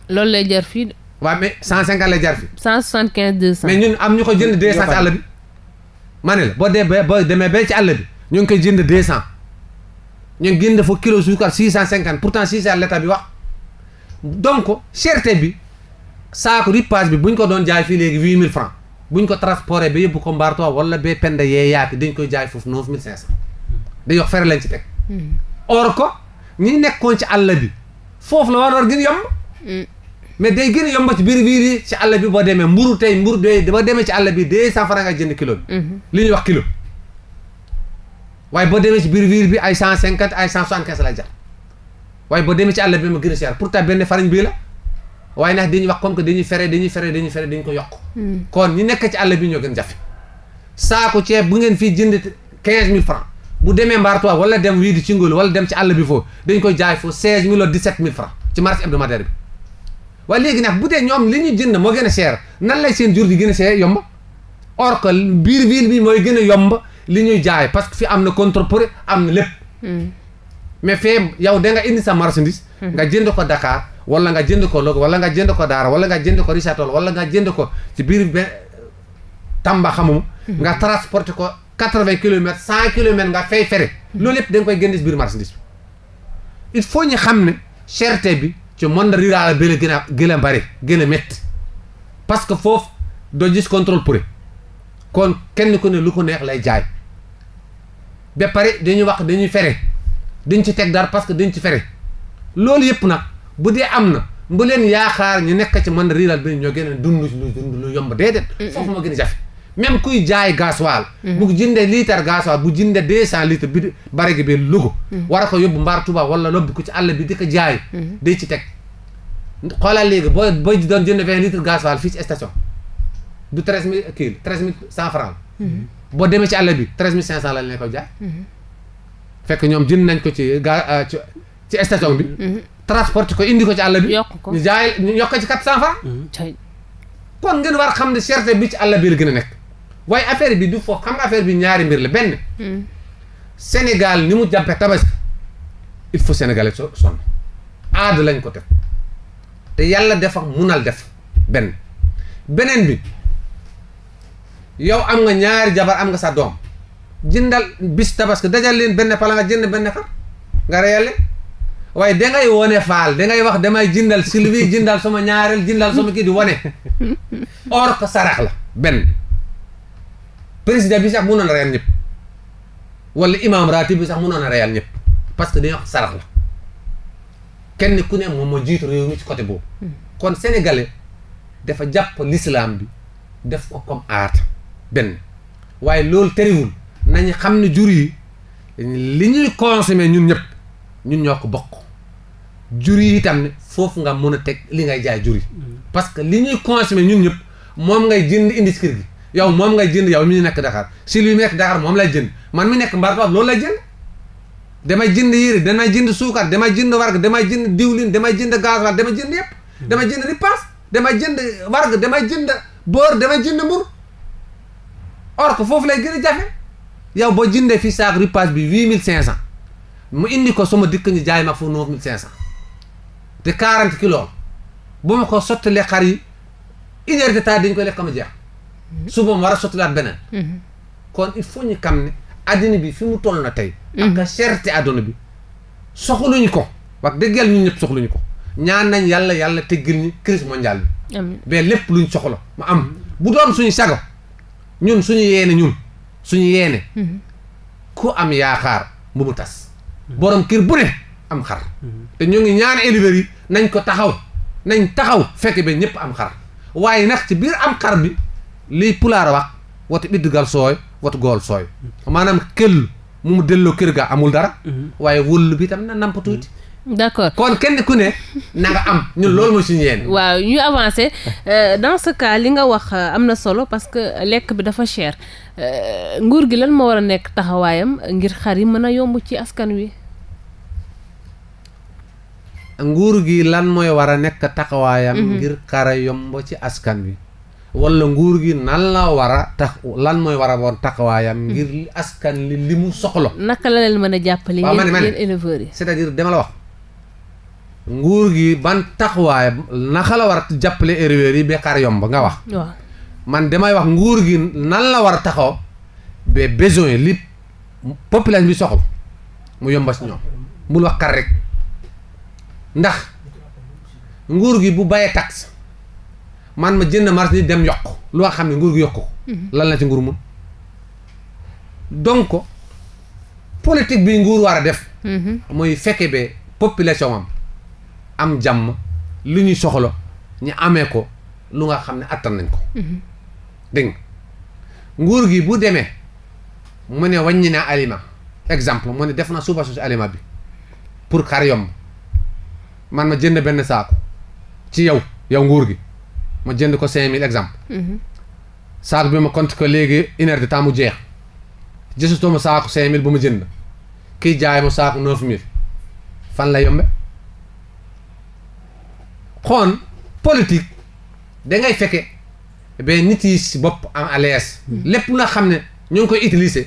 loolu lay jar fii. waaw mais cent cinquante lay jar fii. cent soixante quinze deux cent. mais ñun am ñu ko jënd deux cent ci àll bi. ma ne la boo dee ba demee ba ci àll bi ñu ngi koy jënd deux cent. ñu génn dafa kilo suukar six cent cinquante pourtant six cent l'état bi wax donc cherté bi saako ripaas bi bu ñu ko doon jaay fii léegi huit mille francs buñ ñu ko transporté ba yóbbu ko Mbartois wala ba Penda yee yaati koy jaay foofu neuf mille cinq cent dañ wax fere lañ ci teg hmm. or ko ñi nekkoon ci àll bi foofu la war war gën yomb hmm. mais day gën a yomb ci biir biir si ci bi boo demee mburu tey mburu day ba demee ci àll bi deux cent francs nga jënd kilo hmm. li ñuy wax kilo waaye boo demee si biir ville bi ay cent cinquante ay cent soixante quinze lay jar waaye boo demee ci àll bi ma gën a cher pourtant benn fariñ bii la waaye ndax ñu wax comme que dañuy fere dañuy fere dañuy fere dañu ko yokk hmm. kon ñi nekk ci àll bi ñoo gën jafe saako ceeb bu ngeen fii jënd quinze mille francs bu demee Mbartuwa wala dem wii di ci ngóolu wala dem ci àll bi foofu dañ koy jaay foofu seize mille ou dix sept mille francs ci marché bi waaye léegi nag bu dee ñoom li ñu jënd moo gën a seer nan lay seen jur di gën a cher yomb or que biir ville bi mooy gën a yomb li ñuy jaay parce que fi am na contrepreneur am na lépp. Hmm. mais fee yow da nga indi sa marchandise. Hmm. nga jënd ko Dakar wala nga jënd ko Louga wala nga jënd ko Daara wala nga jënd ko Richard-Toll wala nga jënd ko ci biir be Tamba xamum hmm. nga transporté ko quatre-vingts kilomètres cent kilomètres nga fay fere. loolu yëpp da koy génne ci biir marchandise bi. il faut ñu xam ne cherté bi ci monde rural bi la gën a gën gën a métti parce que foofu doo gis contrôle pour kon kenn ku ne lu ko neex lay jaay. ba pare dañuy wax dañuy fere dañ ci teg dara parce que dañ ci fere loolu yëpp nag bu dee am na mbu leen yaakaar ñu nekk ci man riiral bi ñoo gën a dund lu yomb déedéet. foofu ma gën a jafe même kuy jaay gasoil bu liitar litre gasoil bu jëndee deux cent litres bi barigi bi Louga war a ko yóbbu mbaar Touba wala lobbi ko ci àll bi di ko jaay day ci teg xoolal léegi boo boo doon jënd vingt litres waal fii ci du treize mille kii treize mille cent boo demee ci àll bi treize mille cinq cent lañ leen ko jaay. fekk ñoom jënd nañ ko ci ga euh, ci ci station bi. Mhm. transporte ko indi ko ci àll bi. yokk ko ñu jaay ñu yokk ci quatre cent francs. Mhm. kon ngeen war xam ne cherté bi ci àll bi la gën a nekk. waaye affaire bi du foofu xam nga bi ñaari mbir la benn. Mhm. senegal ni mu jàppee tabaski il faut sénégalais so sonn aada lañ ko def te yàlla defak munal def benn beneen bi. yow am nga ñaari jabar am nga sa doom jëndal bis tabaski dajal leen benn pala nga jënd benn xar nga reyale waaye dangay wone faal dangay wax damay jëndal Sylvie jëndal sama ñaareel jëndal sama kii di wone or ko sarax la benn président bi sax mënoon a reyal ñëpp wala imam ratib bi sax mënoon a reyal ñëpp parce que dañuy wax sarax kenn ku ne moom moo jiitu réew mi ci côté boobu hmm. kon sénégalais dafa jàpp l'islam bi def ko comme aart benn waaye loolu terewul nañ xam ne jur yi li ñuy consommer ñun ñëpp ñun ñoo ko bokk jur yi itam ne foofu nga mën a teg li ngay jaay jur yi mm-hmm. parce que li ñuy consommer ñun ñëpp moom ngay jënd indi ci kër gi yow moom ngay jënd yow mi ñu nekk Dakar si lu nekk Dakar moom lay jënd man mu nekk Mbartoor loolu lay jënd damay jënd yére damay jënd suukar damay jënd warga damay jënd diwlin damay jënd gasoil damay jënd yëpp mm-hmm. damay jënd ripaas damay jënd warga damay jënd boor damay jënd or que foofu lay gën a jafe yow boo jëndee fii saak ripaas bi huit mille cinq cent mu indi ko sama dikk ñu jaay ma foofu neuf mille cinq cent te quarante kilos bu ma ko sottalee xar yi une heure dañ koy lekk ma jeex mhm. suba ma war a sottalaat beneen mhm. kon il faut ñu xam ne bi fi mu toll na tey mhm. ak cherté adduna bi soxluñu ko wax dëgg yàlla ñun ñëpp soxluñu ko ñaan nañ yàlla yàlla teggil ñu crise mondiale bi mais lépp luñ soxla mu am bu doon suñu sago ñun suñu yeene ñun suñu yeene mm-hmm. ku am yaakaar bu mu tas mm-hmm. borom kër bu ne am xar mm-hmm. te ñu ngi ñaan éleveurs yi nañ ko taxaw nañ taxaw fekk be ñëpp am xar waaye nag ci biir am xar bi liy pulaar wax watu ɓiddugal sooy watu gool sooy maanaam këll mu mu delloo kër ga amul dara waaye wëllu bi tam na namp tuuti d'accord kon kenn ku ne na am ñun loolu mooy suñu yéen. waaw ñu avancé euh, dans ce li nga wax euh, am na solo parce que lekk bi dafa cher euh, nguur gi lan moo war a nekk taxawaayam ngir xar yi mën a yomb ci askan wi. nguur gi lan mooy war a nekk taxawaayam. Mhm. ngir xara yomb ci askan wi. wala nguur gi nan la war a tax lan mooy war a woon taxawaayam. Mhm. ngir askan li li mu soxla. naka la leen mën a jàppale. yéen éleveurs yi cest à dama la wax. nguur gi ban taxawaay naka la war a jàppale éleveurs yi ba xar yomb nga wax. waaw man damay wax nguur gi nan la war a taxaw ba besoin li population bi soxla mu yomba si ñoom bul wax xar rek ndax nguur gi bu bàyyee taxe man ma jënd marché ni dem yokk loo xam ne nguur gi yokk ko. Mhm. lan la ci nguru mun donc politique bi nguur war a def. Mhm. mooy fekke ba population am. am jàmm lu ñuy soxla ñi amee ko lu nga xam ne attan nañ ko. Mhm. dégg nguur gi bu demee mu ne wàññi naa aliment exemple mu ne def na subvention si aliment bi pour xar yomb man ma jënd benn saako ci yow yow nguur gi ma jënd ko cinq mille exemple. Mhm. saako bi ma compte ko léegi une heure mu jeex jësutoo ma saako cinq mille bu ma jënd kii jaay ma saako neuf mille fan la yombe xoon politique da ngay fekke ba nit yi si bopp am à l'aise hmm. lépp loo xam ne ñu ngi koy utiliser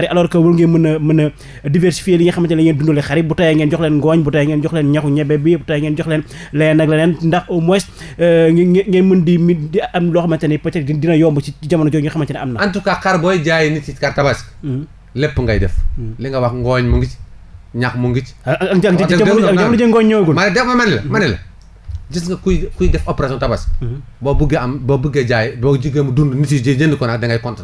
xar yi ngeen mën a mën a diversifier li nga xamante ne la ngeen dundale xar yi bu tayee ngeen jox leen ngooñ bu tayee ngeen jox leen ñaxu ñebe bi bu tayee ngeen jox leen leneen ak leneen ndax au euh, ngeen mën di mi di am loo xamante ne peut être dina yomb ci jamono jooju nga xamante ne am na en tout jaay nit ci xar hmm. ngay def hmm. li nga wax ngooñ mu ngi ci ñax mu ngi ci ah, ah, jamono ji ngooñ ñëwagul ma ne def ma ma ne la hmm. la gis nga kuy kuy def opération tabaski boo bëggee am boo bëggee jaay boo jigéen mu dund nit yi jënd ko nag da ngay compte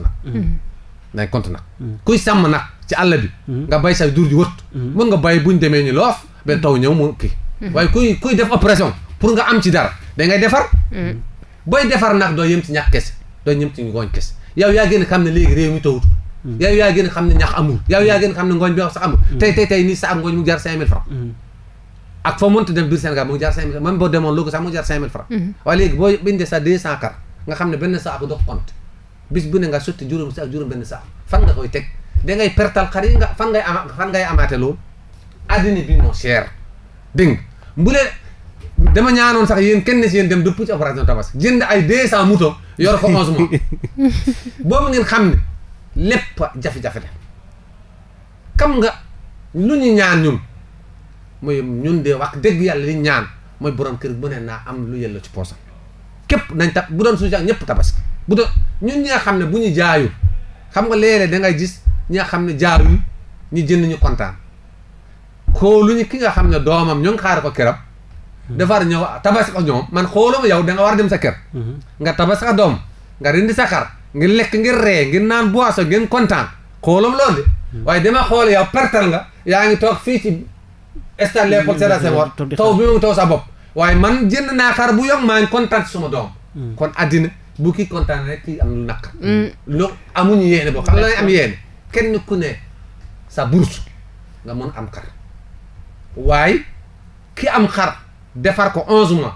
dañ compte nag kuy sàmm nag ci àll bi nga bay say jur ji wot mën nga bay buñ demee ñu loof ba taw ñëw mu kii waaye kuy kuy def opération pour nga am ci dara da ngay defar booy defar nag doo yem ci ñax kese doo yem ci ngooñ kese yow yaa gën a xam ne léegi réew mi tawut yow yaa gën a xam ne ñax amul yow yaa gën a xam ne ngooñ bi wax sax amul mm. tey tey tey nii sa ak ngooñ mu jar cinq mille francs mm. ak foo mënta mu jar cinq mille boo demoon Louga sax mu ngi jar cinq mille francs mm. waaye léegi boo bindee sa deux cent nga xam ne benn saako dox compte bis bu ne nga sotti juróom sax juróom benn sax fan nga koy teg dangay pertal xar yi nga fan ngay fan ngay amaate loolu addina bi moo cher dégg nga bu lee dama ñaanoon sax yéen kenn si yéen dem dëpp ci opération tabas jënd ay deux cent moto yor ko onze mois ngeen xam ne lépp jafe-jafe nga lu ñu ñaan ñun mooy ñun de wax dégg yàlla li ñaan mooy borom kër bu ne naa am lu yelloo ci poosam képp nañ tab bu doon suñu sax ñëpp tabaski bu doon ñun ñi nga xam ne bu ñu jaayul xam nga léeg-léeg da ngay gis ñi nga xam ne jaayul ñu jënd ñu kontaan xooluñu ki nga xam ne doomam ñoo ngi xaar ko keram hmm. defar ñëw tabasi ko ñoom man xooluma yow da nga war dem sa kër hmm. nga tabasi sa doom nga rendi sa xar ngir lekk ngir ree ngir naan boisson ngeen kontaan xoolum loolu de hmm. waaye dama xool yow pertal nga yaa ngi toog fii ci stade Léopold Sédar Senghor taw bi mu ngi taw sa bopp waaye man jënd naa xar bu yokk maa ngi kontaan doom kon addina bu kii kontaan rek kii am lu naq. Mm. loo amuñu yéene boo xam ne am yéene mm. kenn ku ne sa bourse nga mën am xar waaye ki am xar defar ko onze mois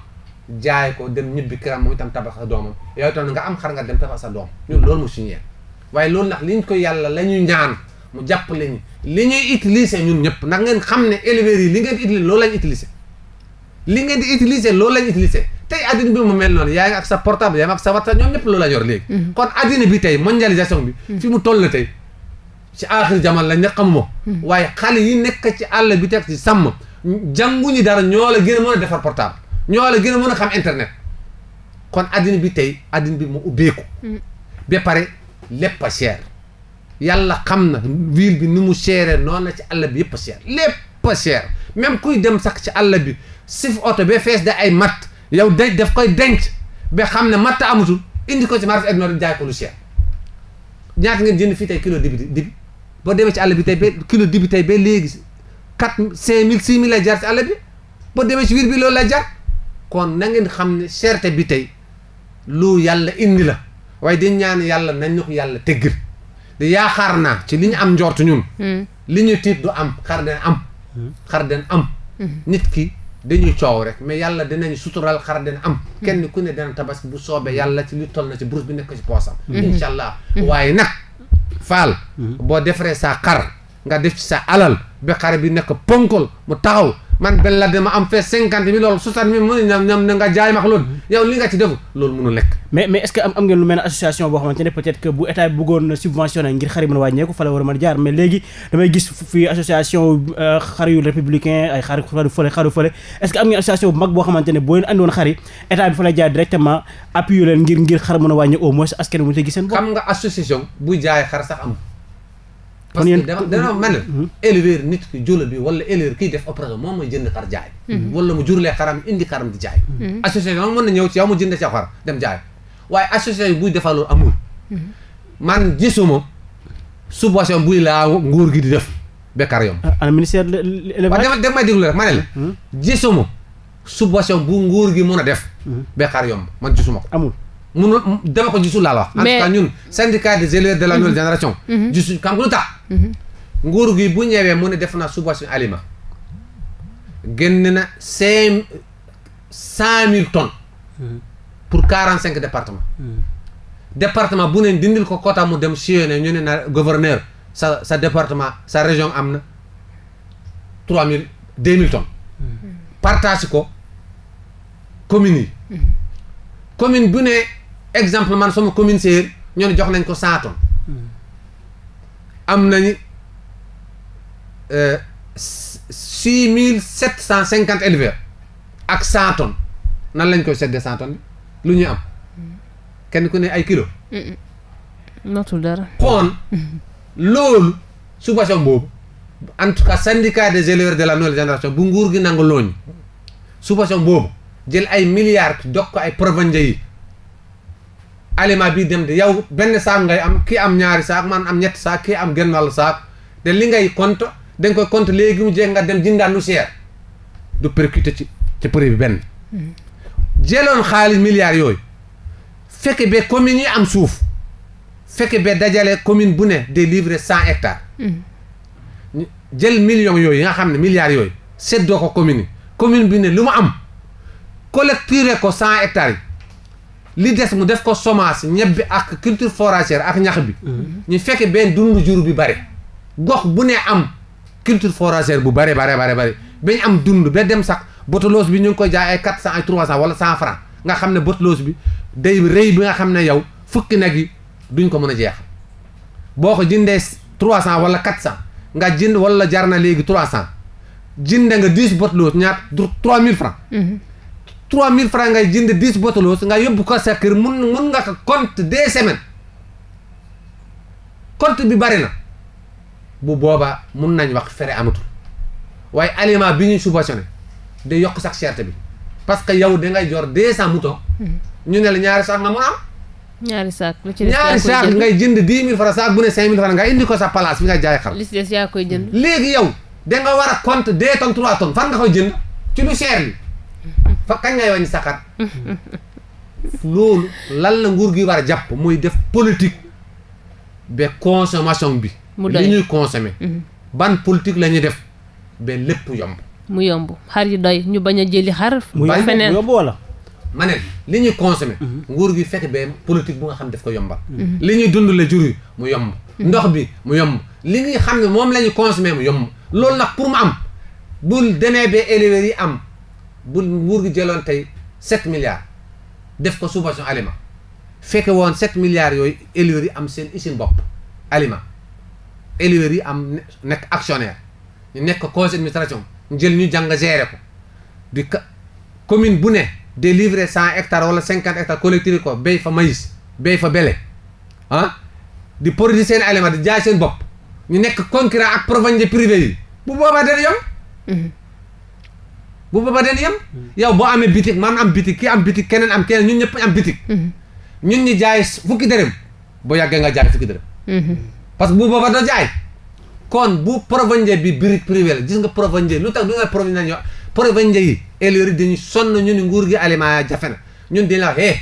jaay ko dem ñibbi këram moom itam tabax sa doomam yow nga am xar nga dem tabax sa doom ñun loolu mu suñu loolu ndax liñ ko yàlla la ñu ñaan mu jàppale ñu li ñuy utiliser ñun ñëpp ndax ngeen xam ne éleveurs yi li ngeen di utiliser loolu lañ utiliser li ngeen di utiliser loolu lañ utiliser tey addina bi mu mel noonu yaay ngi ak sa portable yaa ngi ak sa WhatsApp ñoom ñëpp loolu la yor léegi. Mm-hmm. kon addina bi tey mondialisation bi. Mm-hmm. fi mu toll tey ci aaxir jamono lañ ne xamuma. Mm-hmm. waaye xale yi nekk ci àll bi teg ci sàmm. jànguñu dara ñoo a mën defar portable ñoo la gën a mën a xam internet kon addina bi tey addina bi mu ubbeeku. ba pare lépp a cher. yàlla xam na ville bi ni mu seeree noonu la ci àll bi yëpp a cher lépp a même kuy dem sax ci àll bi sif oto ba fees da ay matt. yow denc def koy denc ba xam ne matt amatul indi ko ci marché ak noor jaay ko lu cher ñaata ngeen jënd fii tey kilo dibi dibi boo demee ci àll bi tey ba kilo tey ba léegi quatre cinq mille six mille lay jar si àll bi boo demee ci wiir bi loolu lay jar kon na ngeen xam ne cherté bi tey lu yàlla indi la waaye di ñaan yàlla nañ ñu yàlla teggir di yaakaar naa ci li ñu am njortu ñun. Hmm. li ñu tiit du am xar am. Hmm. xar den am. Hmm. nit ki. dañuy coow rek mais yàlla dinañ sutural xar dina am kenn ku ne dana tabaski bu soobee yàlla ci lu toll na ci bourse bi nekk ci poosam mm-hmm. Mm-hmm. incha allah waaye nag faal mm-hmm. boo defaree saa xar nga def ci sa alal bi xare bi nekk ponkol mu taxaw man benn la dama am fee cinquante mille loolu soixante mille mu nga jaay max loolu yow li nga ci def loolu mënul mais mais est-ce que ne association boo xamante ne peut-être a wàññeeku fa a mën a jaar mais léegi euh, am ngeen association bu mag boo xamante ne boo leen andi woon xar yi état bi fa lay jaar directement appuyé leen ngir ngir xar mën a wàññeeku au mois askan wi gis seen nga association bu jaay xar sax am kon yéen parce que dana mel hmm? nit ki jula bi wala éleveur kii def opération moom mooy jënd xar jaay hmm. Hmm. wala mu jurlee xaram indi xaram di jaay association mën na ñëw ci yow mu jënd ci xar dem jaay waaye association buy defal loolu amul man gisuma subvention buy laa nguur gi di def békar yom ah, ana dem may déglu ma ne la gisuma bu nguur gi mën a def békar man gisuma ko amul munul dama ko gisul laa la wax. en tout cas ñun syndicat des élèves de la nouvelle génération. Mm-hmm. Mm-hmm. gisul xam nga lu tax. Mm-hmm. nguur gi bu ñëwee mun ne def naa subvention aliment génn na cinq cent mille tonnes. pour quarante cinq départements. département bu ne dindil ko quota mu dem sillonné ñu ne na gouverneur sa sa département sa région am na trois mille deux mille tonnes. partage ko communes yi. commune bu ne. exemple man sama commune séer ñoom jox nañ ko saaton am nañ euh, six mille sept cent cinquante éleveurs ak cent nan lañ koy seddee cent tonnes lu ñuy am kenn ku ne ay kilo notul dara xoon loolu subvention boobu en tout cas syndicat des éleveurs de la nouvelle génération bu nguur gi nangu looñ subvention boobu jël ay milliards jox ko ay provenja yi aliment bii dem de yow benn saak am kii am ñaari saak man am ñetti saak kii am genn wàllu saak li ngay compte dañ koy compte léegi mu nga dem jëndaat lu cher du ci ci prix bi benn. jëloon xaalis milliards yooyu fekke ba communes am suuf fekke ba dajale commune bu ne délivrer cent hectares. Hmm. jël millions yooyu yi nga xam ne milliards yooyu seddoo ko communes yi commune bi ne lu mu am collecté ko cent hectares li des mu def ko semence ñeb ak culture fourragère ak ñax bi. Mm-hmm. ñu fekke benn dund jur bi bare. gox bu ne am culture fourragère bu bare bare bare bare ba ñu am dund ba dem sax bottoloos bi ñu ngi koy jaay ay quatre cent ay trois cent wala cent franc nga xam ne bottoloos bi day rëy bi nga xam ne yow fukki nag yi duñ ko mën a jeex boo ko jëndee trois cent wala quatre cent nga jënd wala jar na léegi trois cent jënd nga dix bottoloos ñaat trois mille franc. Mm-hmm. mille francs ngay jënd 10 bottoloos nga yóbbu ko sa kër mun mun nga ko compte des semaines compte bi bari na bu boobaa mun nañu wax fere amatul waaye aliment bi ñuy subventionné day yokk sax cherté bi parce que yow dangay jor 200 mouton mm-hmm. ñu ne la ñaari sax nga mun am. ñaari saak lu ngay jënd 10 000 francs saak bu ne 5 francs nga indi ko sa place bi nga jaay xar. li ci des yaa koy war a compte 2 tonnes 3 tonnes fan nga koy jënd ci lu cher li. fa kañ ngay wañ saxaat loolu lan la nguur gi war a jàpp muy def politique ba consommation bi li ñuy consommer mhm. ban politique la ñuy def ba lépp yomb mu yomb xar yi doy ñu bañ a jëli xar mu yomb wala ma li ñuy consommer mhm. nguur gi fekk ba politique bu nga xam def ko yombal mhm. li ñuy dund la jur mu yomb ndox bi mu yomb li nga xam ne moom la ñuy mu yomb loolu nag pour mu am bu demee ba éleveurs yi am bu nguur gi jëloon tey sept milliards def ko subvention aliment fekke woon sept milliards yooyu éleveurs yi am seen usine bopp aliment éleveurs yi am nekk actionnaire ñu nekk conseil d'administration ñu ñu jàng gérer ko di commune bu ne délivrer cent hectares wala cinquante hectares collectivité ko béy fa maïs béy fa blé ah di produire seen aliment di jaay seen bopp ñu nekk concurrent ak provendier privé yi bu boobaa dana yomb mm-hmm. bu boobaa dañuy yem. yow boo amee bitik man am bitik ki am bitik keneen am keneen ñun ñëpp am bitik. Mm-hmm. ñun ñi jaay fukki dërëm boo yàggee nga jaay fukki dërëm. Mm-hmm. parce que bu boobaa doo jaay. kon bu provender bi birik privé nga provender lu tax du nga provender ñoo provender yi éleveurs yi dañuy sonn ñu ni nguur gi aliment jafe ñun dañ la wax eh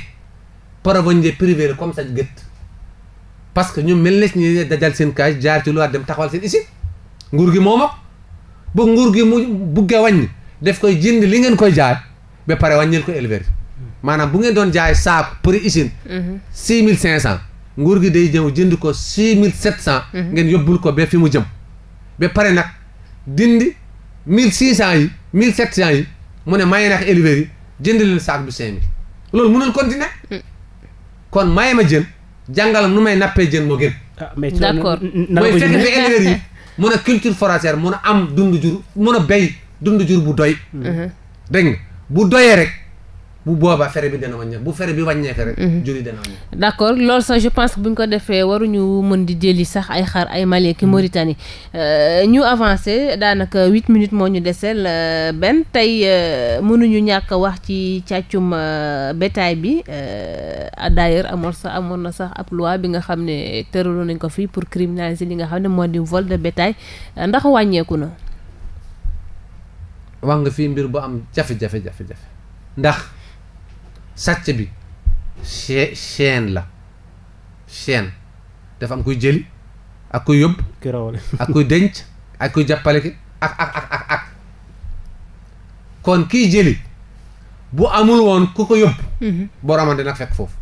provender parce que ñu mel ne ñu dajal seen kaay jaar ci dem taxawal seen nguur gi moo ma bu nguur gi mu buggee wàññi. def koy jënd li ngeen koy jaay ba pare wàññil ko éleveur maanaam bu ngeen doon jaay saako prix usine. Mhm. six mille cinq cent. nguur gi day ñëw jënd ko six mille cent. Mhm. ngeen yóbbul ko ba fi mu jëm. ba pare nag dindi mille six cent yi mille sept cent yi mu ne maye nag éleveur yi jënd leen saako bi loolu mille loolu mënul continuer. Mm. kon may ma jën jàngal nu may nappee jën moo gën. Ah, mais d'accord mooy fekk ba éleveur yi mun a culture forestière mun a am dund jur mun a béy. dund jur bu doy. Mm-hmm. dégg bu doyee rek. bu boobaa fere bi dana wàññeeku bu fere bi wàññeeku rek. Mm-hmm. jur yi dana wàññeeku. d' accord loolu sax je pense que bu ko defee waruñu mën di jëli sax ay xar ay Mali ki mm-hmm. Mauritanie euh, ñu avancé daanaka huit minutes moo ñu deseel euh, benn tey euh, mënuñu ñàkk wax ci càccum bétail bi d' ailleurs amoon sax amoon na sax ab loi bi nga xam ne tëraloon nañ ko fii pour criminaliser li nga xam ne moo di vol de bétail ndax wàññeeku na. wax nga fi mbir bu am jafe-jafe jafe-jafe ndax sàcc bi chai chaîne la chaîne dafa am kuy jëli ak kuy yóbbu. ak kuy denc ak kuy jàppale ki ak ak ak ak kon kiy jëli bu amul woon ku ko yóbbu. Mhm. boromam dina fekk foofu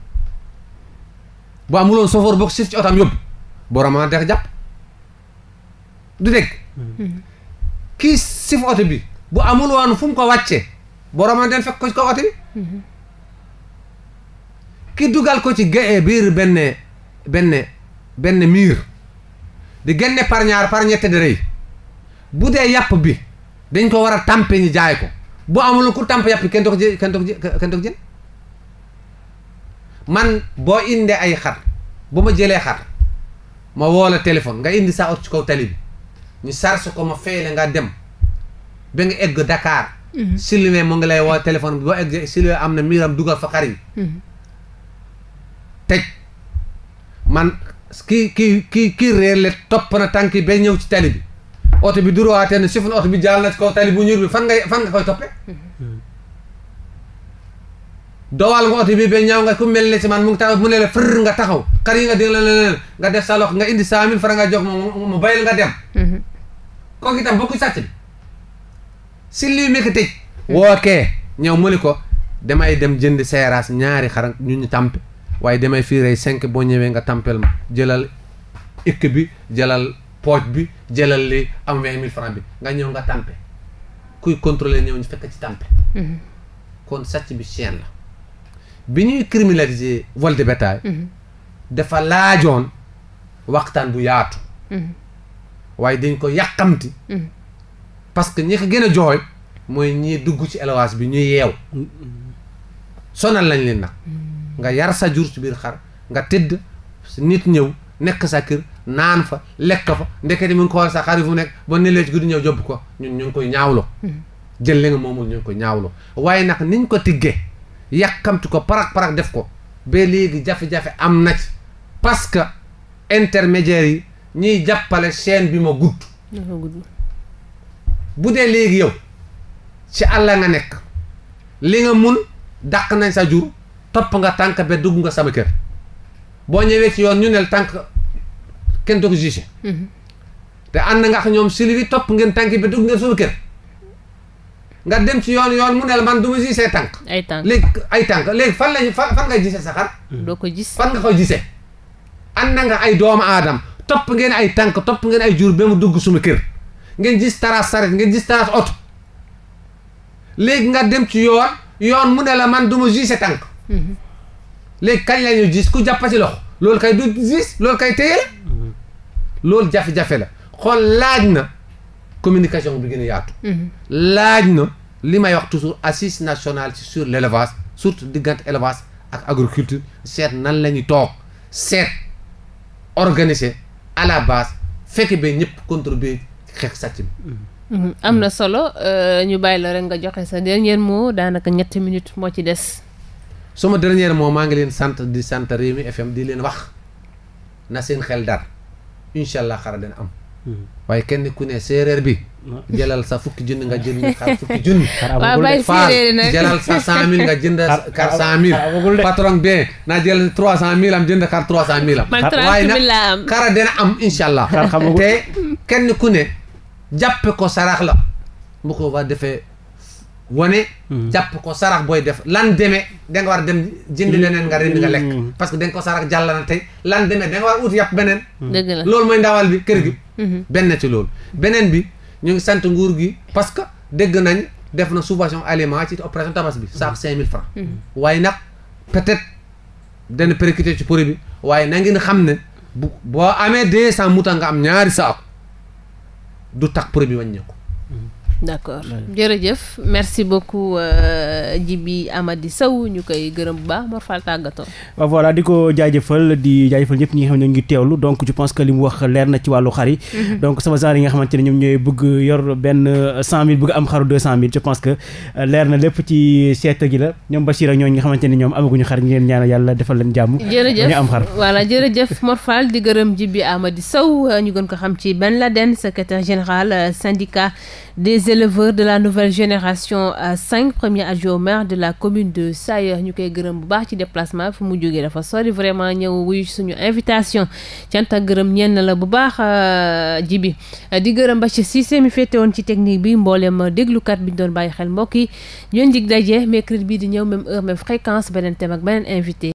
bu amul woon sofoor boo ko siif ci otam yóbbu boromam dina jàpp du dégg. Mhm. kii siif oto bi. bu amul woon fu mu ko wàcce boromam den fekk ko ci ko mhm. ki dugal ko ci géej eh, biir benn benn benn miir di génne par ñaar par ñette di bu dee yàpp bi dañ ko war a tampe ñu jaay ko bu amul ku tamp yàpp kenn du ko jë kenn du ko jë kenn du ko man boo indee ay xar bu ma jëlee xar ma woo la téléphone nga indi sa oto ci kaw tali bi ñu sarse ko ma fay la nga dem ba nga egg Dakar. Mm-hmm. Sylvain mu ngi lay woo téléphone bi boo egg Sylvain am na miiram dugal fa xariñ mm-hmm. man kii kii kii kii réer le topp na tànk yi ñëw ci tali bi bi duruwaatee ne sifun bi jàll na ci bu ñuul bi ngay fan nga koy mm-hmm. bi ba nga ku mel ne si man mu ngi taxaw nga taxaw xar yi nga dégg def sa loxo nga indi cent mille nga jox mu mu bayil nga dem kooku itam bokku sàcc bi si liy nekk tëj. wookee ñëw mu ni ko damay dem jënd seeraas ñaari xar ñu ñu tàmpe waaye damay fii rey cinq boo ñëwee nga tàmpel ma jëlal ikk bi jëlal pooj bi jëlal li am vingt mille franc bi nga ñëw nga tàmpe kuy contrôler ñëw ñu fekk ci tàmpe mm-hmm. kon sàcc bi chaîne la bi ñuy criminaliser vol mm-hmm. dafa laajoon waxtaan bu yaatu mm-hmm. waaye dañ ko yàqamti parce que ñi ko gën a jooy mooy ñii dugg ci élevage bi ñuy yeew sonal lañ leen nag nga yar sa jur ci biir xar nga tëdd nit ñëw nekk sa kër naan fa lekk fa ndekete mu ngi ko war sa xar fu nekk ba nelee ci guddi ñëw jobb ko ñun ñu ngi koy ñaawloo jël li nga moomul ñu ngi koy ñaawloo waaye nag niñ ko tiggee yàkkamti ko parak parak def ko ba léegi jafe-jafe am na ci parce que intermédiaires yi ñuy jàppale chaîne bi ma gudd bu dee léegi yow ci àll nga nekk li nga mun dàq nañ sa jur topp nga tànk be dugg nga sama kër boo ñëwee ci yoon ñu nel tànk kenn du ko mhm. te ànd nga xam ñoom sili bi topp ngeen tànk be dugg ngeen sama kër nga dem ci yoon yoon mu nel man du ma gisee tànk ay tànk léegi ay tànk léegi fan lañ fan fan nga gisee sa xar mm. doo ko gis fan nga ko gisee nga ay doomu aadam topp ngeen ay tànk topp ngeen ay jur be mu dugg suma kër nga gis taras saret nga gis taras oto léegi nga dem ci yoon yoon mu ne la man duma ma gis tànk mhm. léegi kañ la ñu gis ku jàppa ci loxo loolu kay du gis loolu kay téye la mhm. loolu jafe-jafe la xool laaj na communication bi gën a yaatu mhm. laaj na li may wax toujours assise nationale sur l' élevage surtout diggante élevage ak agriculture seet nan lañuy ñuy toog seet organise à la base fekk ba ñëpp contribuer xeex sàcc bi. Mhm. am na solo euh, ñu bàyyi la rek nga joxe sa dernier moo daanaka ñetti minutes moo ci des. sama dernier mot maa ngi leen sant di sant Rewmi FM di leen wax na seen xel dar incha allah xara dana am. Mhm. waaye kenn ku ne séeréer bi. jëlal sa fukki jënd nga jël trois cent mille am jënd xar trois cent mille am. man trente mille la am waaye nag xara dana am te kenn ku ne. jàppe ko saraax la bu ko war defee wane hmm. jàpp ko saraax booy def lan demee da nga war dem jënd hmm. leneen nga rendi nga lekk hmm. parce que da ko sarax jàll na tey lan deme da nga war ut yàpp beneen dëgg la loolu mooy ndawal bi kër gi benn ci loolu beneen bi ñu ngi sant nguur gi parce que dégg nañ def na subvention aliment ci opération tabas bi saako cinq mille francs waaye nag peut-être dana précipité ci prix bi waaye na ngeen xam ne bu boo amee deux cent muta nga am ñaari saako du tax produit wàññeeku d' accord jërëjëf merci beaucoup euh, Djiby Amady Sow ñu koy gërëm bu baax Mor Fall tàggatoo. waaw voilà di ko jaajëfal di jaajëfal ñëpp ñi nga xam ne ñu ngi teewlu donc je pense que li mu wax leer na ci wàllu xar yi. Mhm. donc sama genre nga xamante ne ñoom ñooy bëgg yor benn cent mille bëgg am xaru deux cent mille que euh, leer na lépp ci seet gi la ñoom Bachir ak ñooñu nga xamante ni ñoom amaguñu xar ñu leen ñaanal yàlla defal leen jàmm. ñu am xar voilà jërëjëf Mor Fall di gërëm Djiby Amady Sow ñu gën ko xam ci Ben Laden secrétaire général euh, syndicat les de la nouvelle génération euh, cinq premier adjoint au de la commune de Sayeur ñu koy gërëm bu baax ci déplacement fu mu jógee dafa sori vraiment ñëw wuyu suñu invitation cant gërëm ñenn la bu baax euh, jibi euh, di gërëm ba ci Cissé mi féete woon ci technique bi mboolem déglukat bi ñu doon bàyyi xel mbokk yi ñoon dig daje mercredi bii di ñëw même heure même fréquence beneen thème ak beneen invité.